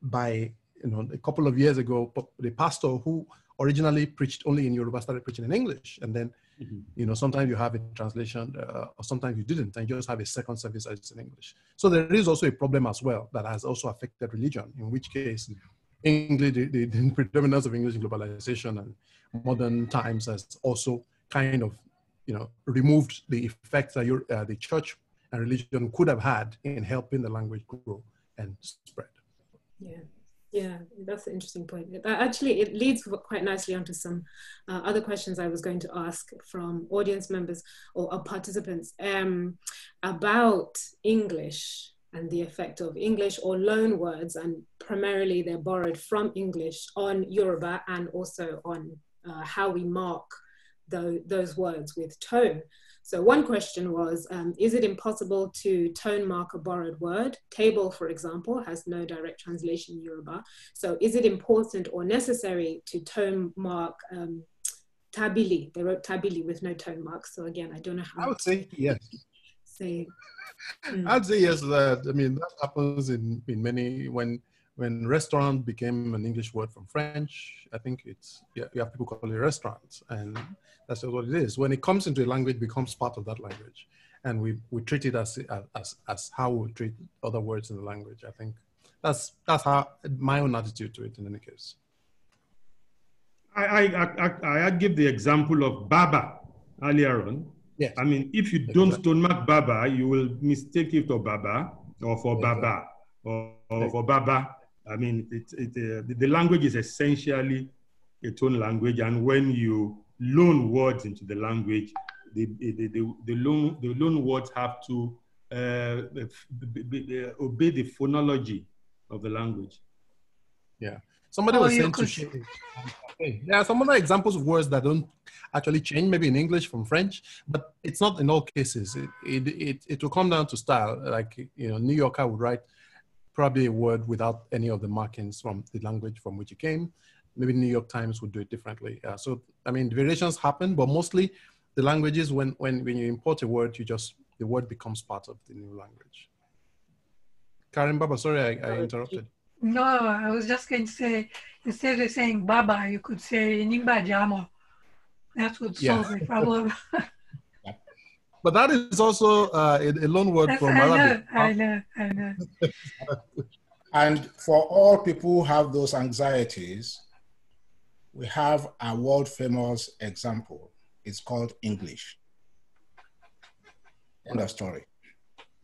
D: by you know a couple of years ago, the pastor who originally preached only in Yoruba started preaching in English, and then Mm-hmm. You know, sometimes you have a translation, uh, or sometimes you didn't, and you just have a second service as in English. So there is also a problem as well that has also affected religion, in which case, mm-hmm. English, the, the, the predominance of English in globalization and modern times has also kind of, you know, removed the effects that your, uh, the church and religion could have had in helping the language grow and
C: spread. Yeah. Yeah, that's an interesting point. That uh, actually, it leads quite nicely onto some uh, other questions I was going to ask from audience members or, or participants um, about English and the effect of English or loan words, and primarily they're borrowed from English on Yoruba and also on uh, how we mark the, those words with tone. So one question was, um, is it impossible to tone mark a borrowed word? Table, for example, has no direct translation in Yoruba. So is it important or necessary to tone mark um, tabili? They wrote tabili with no tone marks. So again, I don't know how. I would say yes. Say,
D: mm. I'd hmm. say yes. That I mean that happens in in many when when restaurant became an English word from French, I think it's, yeah, you have people call it restaurants. And that's just what it is. When it comes into a language, becomes part of that language. And we, we treat it as, as, as how we treat other words in the language. I think that's, that's how my own attitude to it in any case. I,
A: I, I, I give the example of Baba earlier on. Yes. I mean, if you don't exactly. stone mark Baba, you will mistake it for Baba or for exactly. Baba or, or exactly. for Baba I mean, it, it, uh, the, language is essentially a tone language, and when you loan words into the language, the, the, the, the, loan, the loan words have to uh, uh, obey the phonology of the language.
D: Yeah. Somebody oh, was saying to to okay. are some other examples of words that don't actually change, maybe in English from French, but it's not in all cases. It, it, it, it will come down to style. Like, you know, New Yorker would write probably a word without any of the markings from the language from which it came. Maybe New York Times would do it differently. Uh, so, I mean, variations happen, but mostly the languages, when, when, when you import a word, you just, the word becomes part of the new language. Karen Baba, sorry, I,
E: I interrupted. No, I was just going to say, instead of saying Baba, you could say Jamo. That would solve yeah. the problem.
G: But that is also uh, a, loan word That's, from I Arabic. Know, I
E: know, I know.
G: and for all people who have those anxieties, we have a world famous example. It's called English. End of story.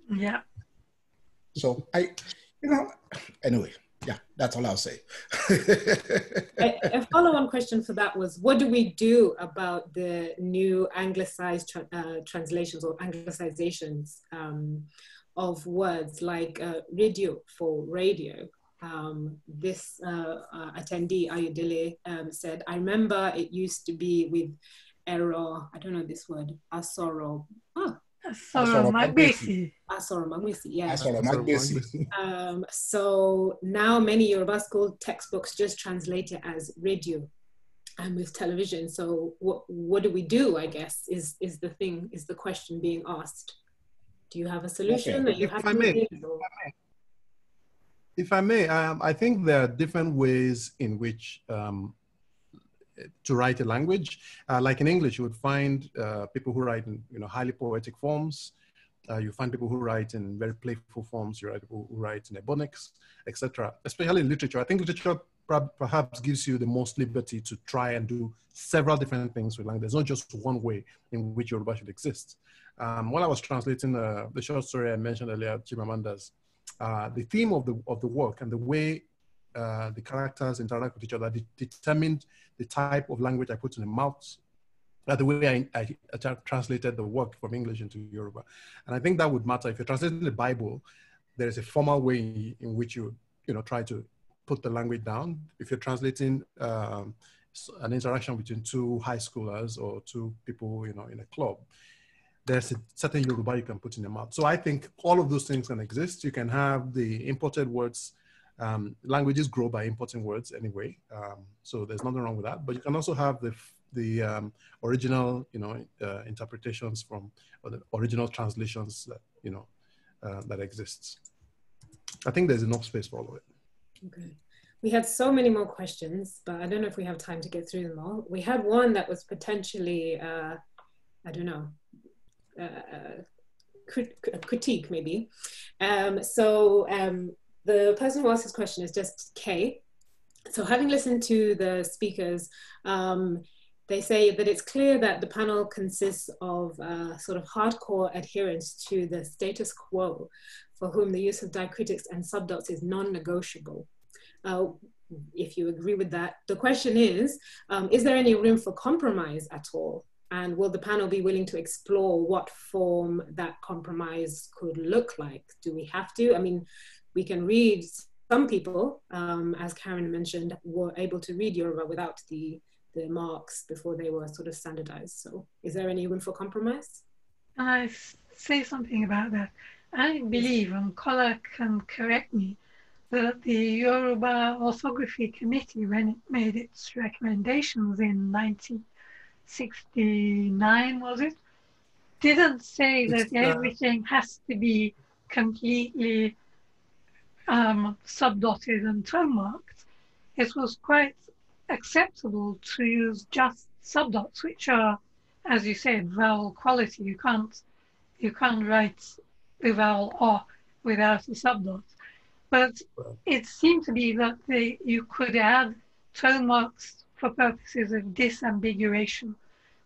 G: Yeah. So I, you know, anyway, yeah, that's all I'll say.
C: a, a follow-on question for that was, what do we do about the new anglicized tra uh, translations or anglicizations um, of words like uh, radio for radio? Um, this uh, uh attendee, Ayudele, um, said, I remember it used to be with error, I don't know this word, asoro, oh, Asọ̀rọ̀mágbèsì. Asọ̀rọ̀mágbèsì, yeah. Um, so now many Yoruba school textbooks just translate it as radio and with television. So what, what do we do, I guess, is, is the thing, is the question being asked. Do you have a solution? Okay. If, have I may, if, I may,
D: if I may, um, I think there are different ways in which um, to write a language. Uh, like in English, you would find uh, people who write in you know highly poetic forms. Uh, you find people who write in very playful forms. You write people who write in ebonics, etc. Especially in literature, I think literature perhaps gives you the most liberty to try and do several different things with language. There's not just one way in which Yoruba should exist. Um, while I was translating uh, the short story I mentioned earlier, Chimamanda's, uh, the theme of the of the work and the way uh, the characters interact with each other de- determined the type of language I put in the mouth, uh, the way I, I, I tra- translated the work from English into Yoruba. And I think that would matter. If you're translating the Bible, there is a formal way in which you, you know, try to put the language down. If you're translating um, an interaction between two high schoolers or two people, you know, in a club, there's a certain Yoruba you can put in the mouth. So I think all of those things can exist. You can have the imported words um, languages grow by importing words anyway, um, so there's nothing wrong with that. But you can also have the the um, original, you know, uh, interpretations from or the original translations that you know uh, that exists. I think there's enough space for all of it.
C: Okay. We had so many more questions, but I don't know if we have time to get through them all. We had one that was potentially, uh, I don't know, uh, uh crit critique maybe. Um, so um, the person who asked this question is just Kay. So having listened to the speakers, um, they say that it's clear that the panel consists of uh, sort of hardcore adherence to the status quo for whom the use of diacritics and subdots is non-negotiable. Uh, if you agree with that, the question is, um, is there any room for compromise at all? And will the panel be willing to explore what form that compromise could look like? Do we have to? I mean, we can read some people, um, as Karen mentioned, were able to read Yoruba without the, the marks before they were sort of standardized. So is there any room for compromise?
E: I say something about that. I believe, and Kola can correct me, that the Yoruba Orthography Committee, when it made its recommendations in 1969, was it, didn't say that everything has to be completely um, subdotted and tone marked, it was quite acceptable to use just subdots, which are, as you said, vowel quality. You can't you can't write the vowel o without a subdot. But it seemed to be that you could add tone marks for purposes of disambiguation.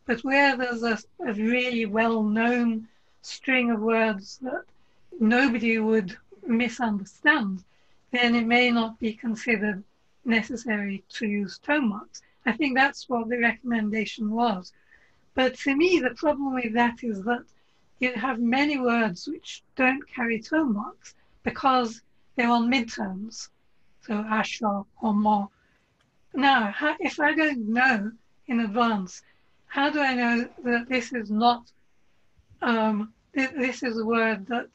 E: But where there's a, a really well known string of words that nobody would misunderstand, then it may not be considered necessary to use tone marks. I think that's what the recommendation was. But to me, the problem with that is that you have many words which don't carry tone marks because they're on midterms, so asha or more. Now, how, if I don't know in advance, how do I know that this is not, um, th- this is a word that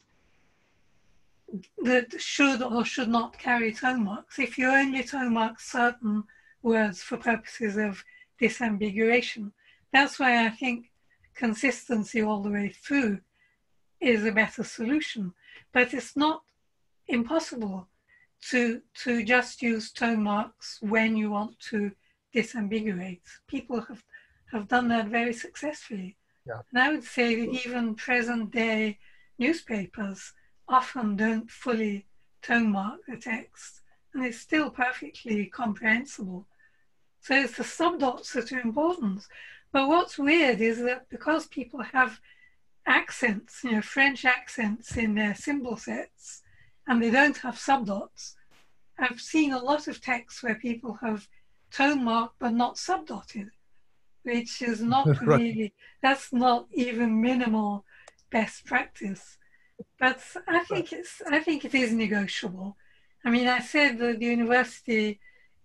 E: that should or should not carry tone marks. If you only tone mark certain words for purposes of disambiguation, that's why I think consistency all the way through is a better solution. But it's not impossible to, to just use tone marks when you want to disambiguate. People have, have done that very successfully. Yeah. And I would say that even present day newspapers often don't fully tone mark the text, and it's still perfectly comprehensible. So it's the subdots that are important. But what's weird is that because people have accents, you know, French accents in their symbol sets, and they don't have subdots, I've seen a lot of texts where people have tone marked but not subdotted, which is not right. really, that's not even minimal best practice but I think it's I think it is negotiable. I mean, I said that the university,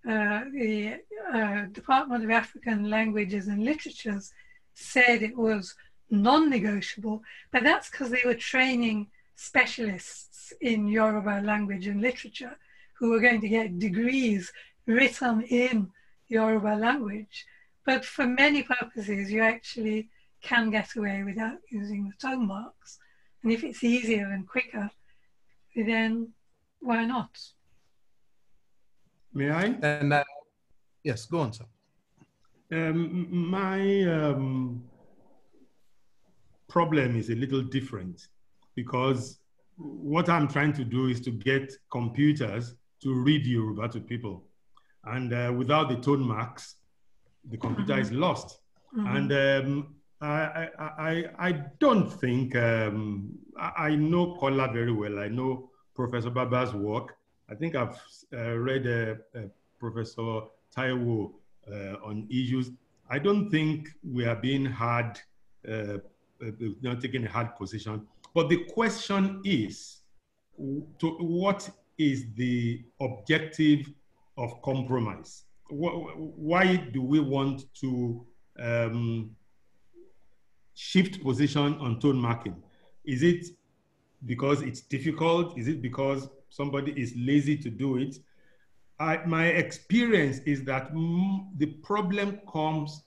E: uh, the uh, Department of African Languages and Literatures, said it was non-negotiable, but that's because they were training specialists in Yoruba language and literature who were going to get degrees written in Yoruba language. But for many purposes, you actually can get away without using the tone marks. And if it's easier and quicker, then why not?
D: May I? And uh, yes, go on, sir.
A: Um, my um, problem is a little different because what I'm trying to do is to get computers to read Yoruba to people. And uh, without the tone marks, the computer mm -hmm. is lost. Mm -hmm. And um, I, I, I don't think um, I, know Kola very well. I know Professor Baba's work. I think I've uh, read uh, uh, Professor Taiwo uh, on issues. I don't think we are being hard, uh, uh, not taking a hard position. But the question is, to what is the objective of compromise? Why do we want to um, shift position on tone marking? Is it because it's difficult? Is it because somebody is lazy to do it? I, my experience is that mm, the problem comes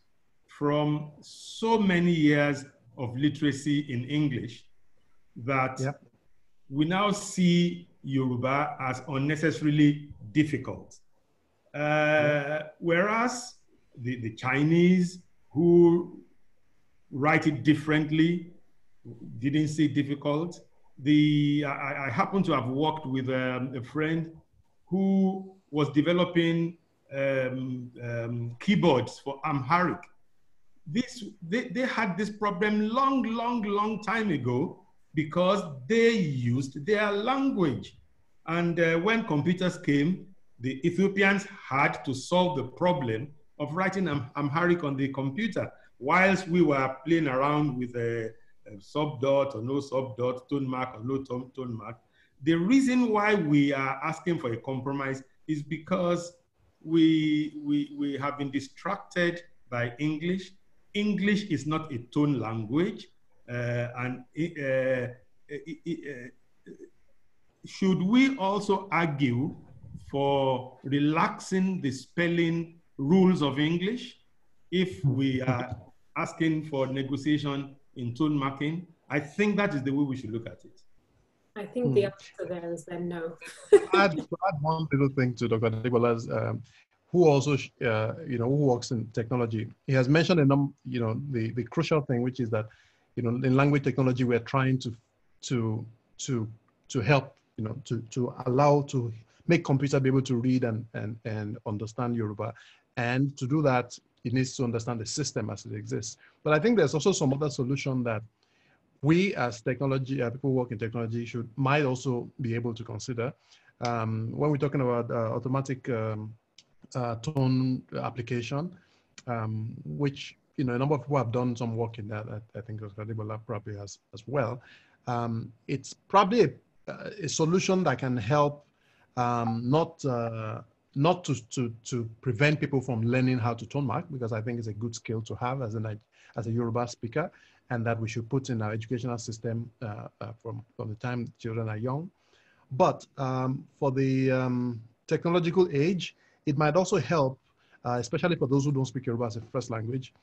A: from so many years of literacy in English that yep. we now see Yoruba as unnecessarily difficult. Uh, yep. Whereas the, the Chinese, who write it differently. Didn't see difficult. The I, I happen to have worked with um, a friend who was developing um, um, keyboards for Amharic. This they, they had this problem long, long, long time ago because they used their language. And uh, when computers came, the Ethiopians had to solve the problem of writing Am Amharic on the computer whilst we were playing around with a, a sub dot or no sub dot, tone mark or no tone, tone mark, the reason why we are asking for a compromise is because we, we, we have been distracted by English. English is not a tone language. Uh, and uh, uh, uh, uh should we also argue for relaxing the spelling rules of English if we are asking for negotiation in tone marking. I think that
D: is the way we should look at
F: it.
C: I think mm. the hmm. answer there is then no. add, add
D: one little thing to Dr. Nicholas, um, who also, uh, you know, who works in technology. He has mentioned a number, you know, the, the crucial thing, which is that, you know, in language technology, we're trying to, to, to, to help, you know, to, to allow to make computer be able to read and, and, and understand Yoruba. And to do that, it needs to understand the system as it exists. But I think there's also some other solution that we as technology, uh, people work in technology should, might also be able to consider. Um, when we're talking about uh, automatic um, uh, tone application, um, which, you know, a number of people have done some work in that. I, I think Oscar probably has as well. Um, it's probably a, a, solution that can help um, not uh, not to, to, to prevent people from learning how to tone mark, because I think it's a good skill to have as, a as a Yoruba speaker, and that we should put in our educational system uh, uh, from, from the time children are young. But um, for the um, technological age, it might also help, uh, especially for those who don't speak Yoruba as a first language,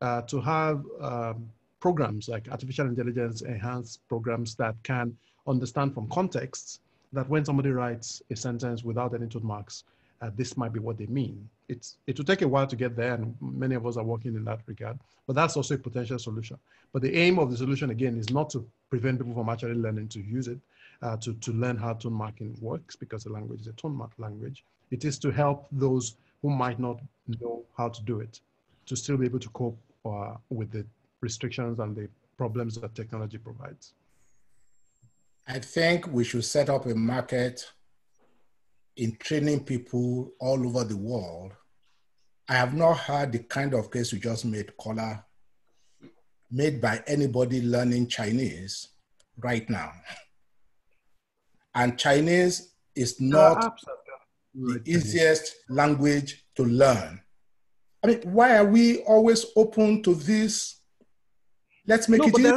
D: uh, to have um, programs like artificial intelligence enhanced programs that can understand from contexts that when somebody writes a sentence without any tone marks, uh, this might be what they mean. It's, it will take a while to get there, and many of us are working in that regard, but that's also a potential solution. But the aim of the solution, again, is not to prevent people from actually learning to use it, uh, to, to learn how tone marking works, because the language is a tone mark language. It is to help those who might not know how to do it to still be able to cope uh, with the restrictions and the problems that technology provides.
G: I think we should set up a market in training people all over the world, I have not heard the kind of case you just made, Kola, made by anybody learning Chinese right now. And Chinese is uh, not the easiest language to learn. I mean, why are we always open to this Let's make no, it easier.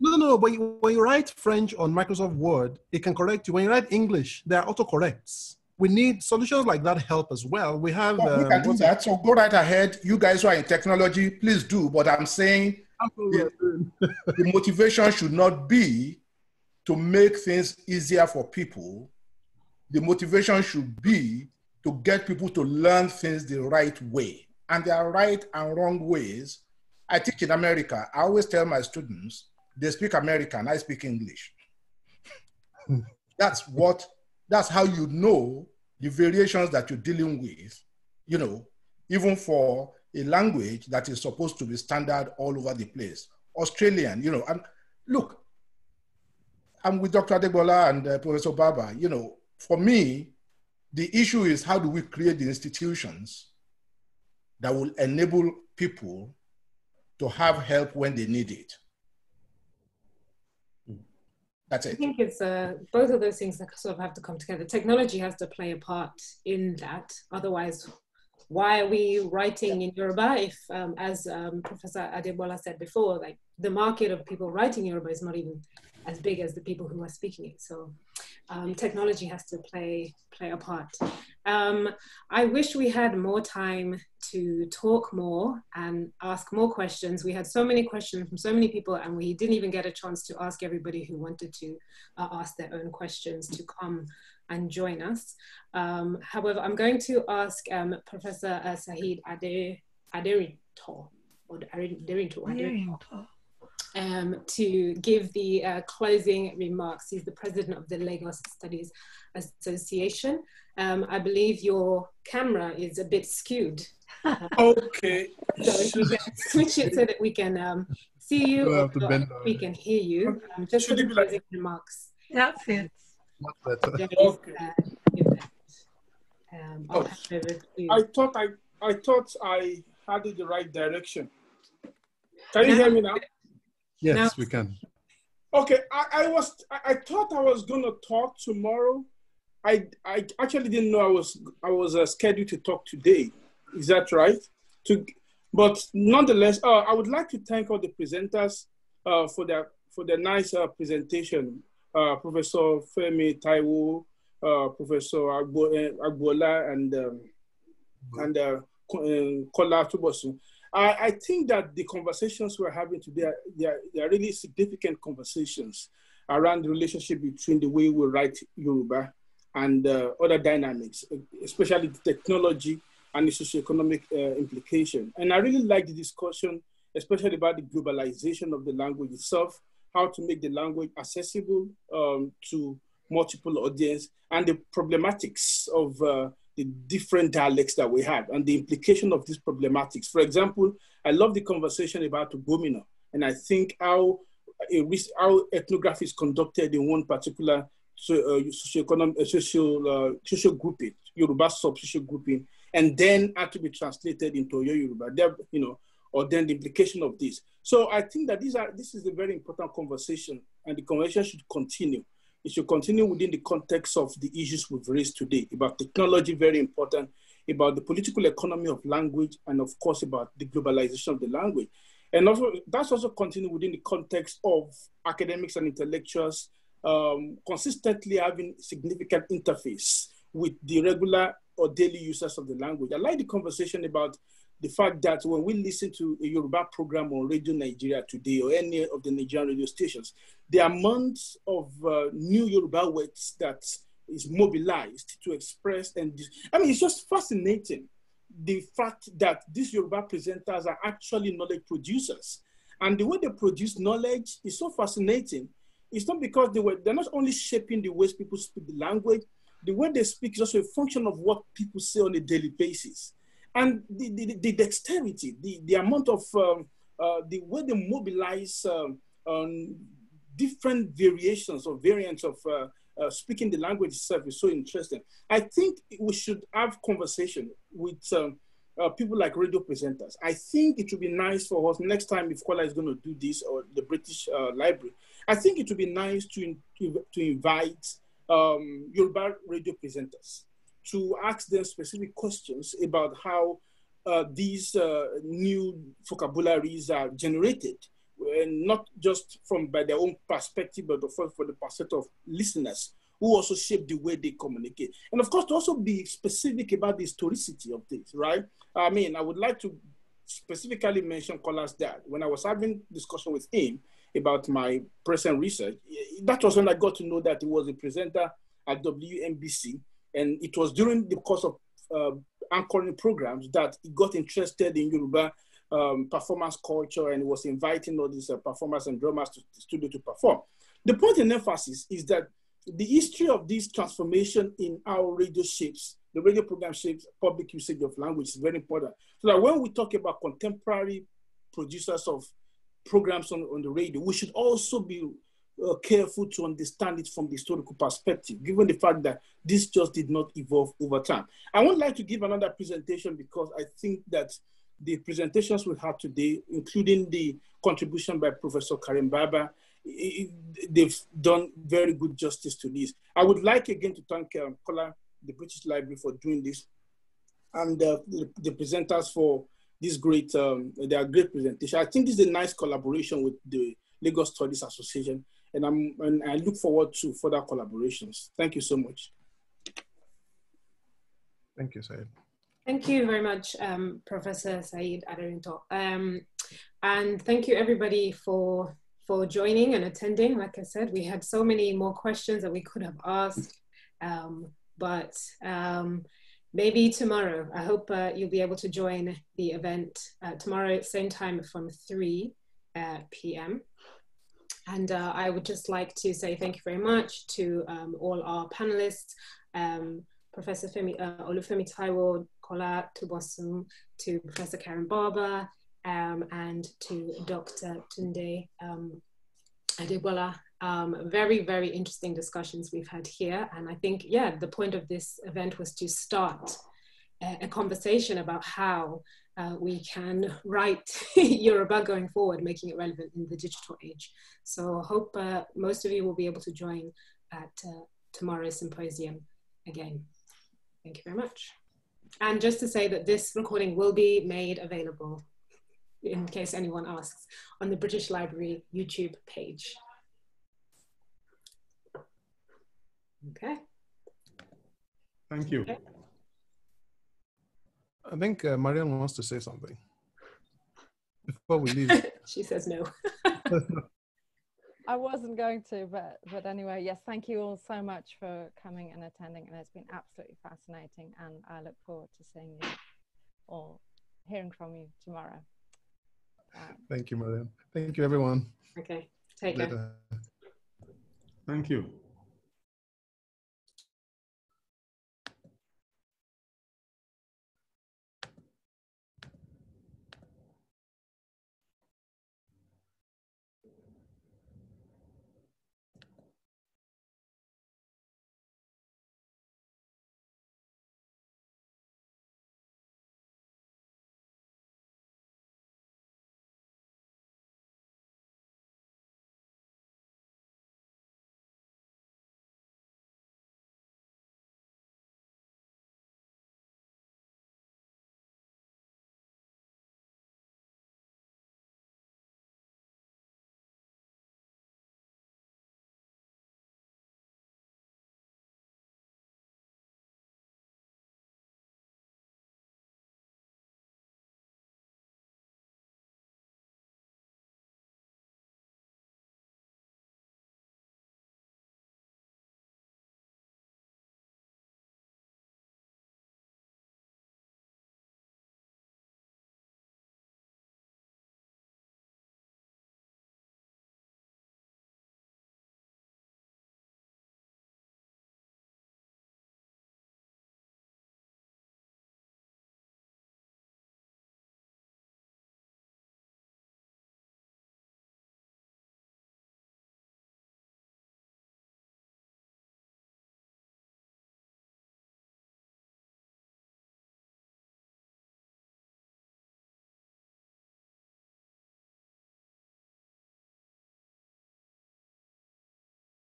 G: no, no, no. When
D: you, when you write French on Microsoft Word, it can correct you. When you write English, there are autocorrects.
G: We need solutions like that help as well. We have. Yeah, we um, can do that. So go right ahead. You guys who are in technology, please do. But I'm saying the, the motivation should not be to make things easier for people. The motivation should be to get people to learn things the right way. And there are right and wrong ways I teach in America. I always tell my students they speak American, I speak English. that's what, that's how you know the variations that you're dealing with, you know, even for a language that is supposed to be standard all over the place. Australian, you know, and look, I'm with Dr. Adegbola and uh, Professor Baba, you know, for me, the issue is how do we create the institutions that will enable people to have help when they need it. That's it. I
C: think it's uh, both of those things that sort of have to come together. Technology has to play a part in that. Otherwise, why are we writing in Yoruba if, um, as um, Professor Adebola said before, like the market of people writing Yoruba is not even as big as the people who are speaking it. So um, technology has to play play a part. Um, I wish we had more time to talk more and ask more questions. We had so many questions from so many people, and we didn't even get a chance to ask everybody who wanted to uh, ask their own questions to come and join us. Um, however, I'm going to ask um, Professor uh, Sahid Ade, or Aderito, Aderito, um, to give the uh, closing remarks. He's the president of the Lagos Studies Association. Um, I believe your camera is a bit skewed. okay. so switch it so that we can um, see you, or, we can hear you. Um, just
F: Should for the closing like remarks. That's it.
E: Okay.
F: Um, oh, I thought I, I thought I had it the right direction. Can you hear me now?
D: Yes, now, we can.
F: Okay, I, I was I, thought I was going to talk tomorrow. I I actually didn't know I was I was uh, scheduled to talk today. Is that right? To, but nonetheless, uh, I would like to thank all the presenters uh, for their for their nice uh, presentation. Uh, Professor Femi Taiwo, uh, Professor Agbola, and um, and Kola Tubosu. I, I think that the conversations we're having today are, they are, they are really significant conversations around the relationship between the way we write Yoruba and uh, other dynamics, especially the technology and the socioeconomic uh, implication. And I really like the discussion, especially about the globalization of the language itself, how to make the language accessible um, to multiple audience, and the problematics of uh, the different dialects that we have and the implication of these problematics. For example, I love the conversation about Ubomina, and I think how, how ethnography is conducted in one particular social, social grouping, Yoruba sub-social grouping, and then had to be translated into Yoruba, you know, or then the implication of this. So I think that these are, this is a very important conversation and the conversation should continue it should continue within the context of the issues we've raised today about technology, very important, about the political economy of language, and of course about the globalization of the language. And also, that's also continued within the context of academics and intellectuals um, consistently having significant interface with the regular or daily users of the language. I like the conversation about the fact that when we listen to a Yoruba program on Radio Nigeria today or any of the Nigerian radio stations, the amount of uh, new Yoruba words that is mobilized to express and I mean, it's just fascinating the fact that these Yoruba presenters are actually knowledge producers. And the way they produce knowledge is so fascinating. It's not because they were, they're not only shaping the ways people speak the language, the way they speak is also a function of what people say on a daily basis. And the, the, the dexterity, the, the amount of um, uh, the way they mobilize um, um, different variations or variants of uh, uh, speaking the language itself is so interesting. I think we should have conversation with um, uh, people like radio presenters. I think it would be nice for us next time if Kola is going to do this or the British uh, Library. I think it would be nice to, to, to invite um, Yoruba radio presenters to ask them specific questions about how uh, these uh, new vocabularies are generated, and not just from by their own perspective, but for, for the perspective of listeners who also shape the way they communicate. And of course, to also be specific about the historicity of this. right? I mean, I would like to specifically mention Collas dad. When I was having discussion with him about my present research, that was when I got to know that he was a presenter at WNBC and it was during the course of uh, anchoring programs that he got interested in Yoruba um, performance culture and was inviting all these uh, performers and drummers to the studio to perform. The point in emphasis is that the history of this transformation in our radio shapes, the radio program shapes public usage of language is very important. So that when we talk about contemporary producers of programs on, on the radio, we should also be uh, careful to understand it from the historical perspective, given the fact that this just did not evolve over time. I would like to give another presentation because I think that the presentations we had today, including the contribution by Professor Karim Baba, they've done very good justice to this. I would like again to thank um, Kola, the British Library for doing this, and uh, the, the, presenters for this great, um, their great presentation. I think this is a nice collaboration with the Lagos Studies Association and I'm and I look forward to further collaborations. Thank you so much. Thank you, Said.
C: Thank you very much, um, Professor Said Adarinto. Um, and thank you everybody for for joining and attending. Like I said, we had so many more questions that we could have asked, um, but um, maybe tomorrow. I hope uh, you'll be able to join the event uh, tomorrow, same time from 3 uh, p.m. And uh, I would just like to say thank you very much to um, all our panelists, um, Professor Femi, uh, Olufemi Taiwo, Kola Tubosum, to Professor Karen Barber, um, and to Dr. Tunde um, Adebola. Um, very, very interesting discussions we've had here. And I think, yeah, the point of this event was to start a, a conversation about how uh, we can write Yoruba going forward, making it relevant in the digital age. So hope uh, most of you will be able to join at uh, tomorrow's symposium again. Thank you very much. And just to say that this recording will be made available, in case anyone asks, on the British Library YouTube page. Okay. Thank you.
D: Okay. I think uh, Marianne wants to say something
C: before we leave. she says no.
B: I wasn't going to, but but anyway, yes. Thank you all so much for coming and attending, and it's been absolutely fascinating. And I look forward to seeing you all, hearing from you tomorrow.
D: Um, Thank you, Marianne. Thank you, everyone.
C: Okay.
B: Take Later. care.
D: Thank you.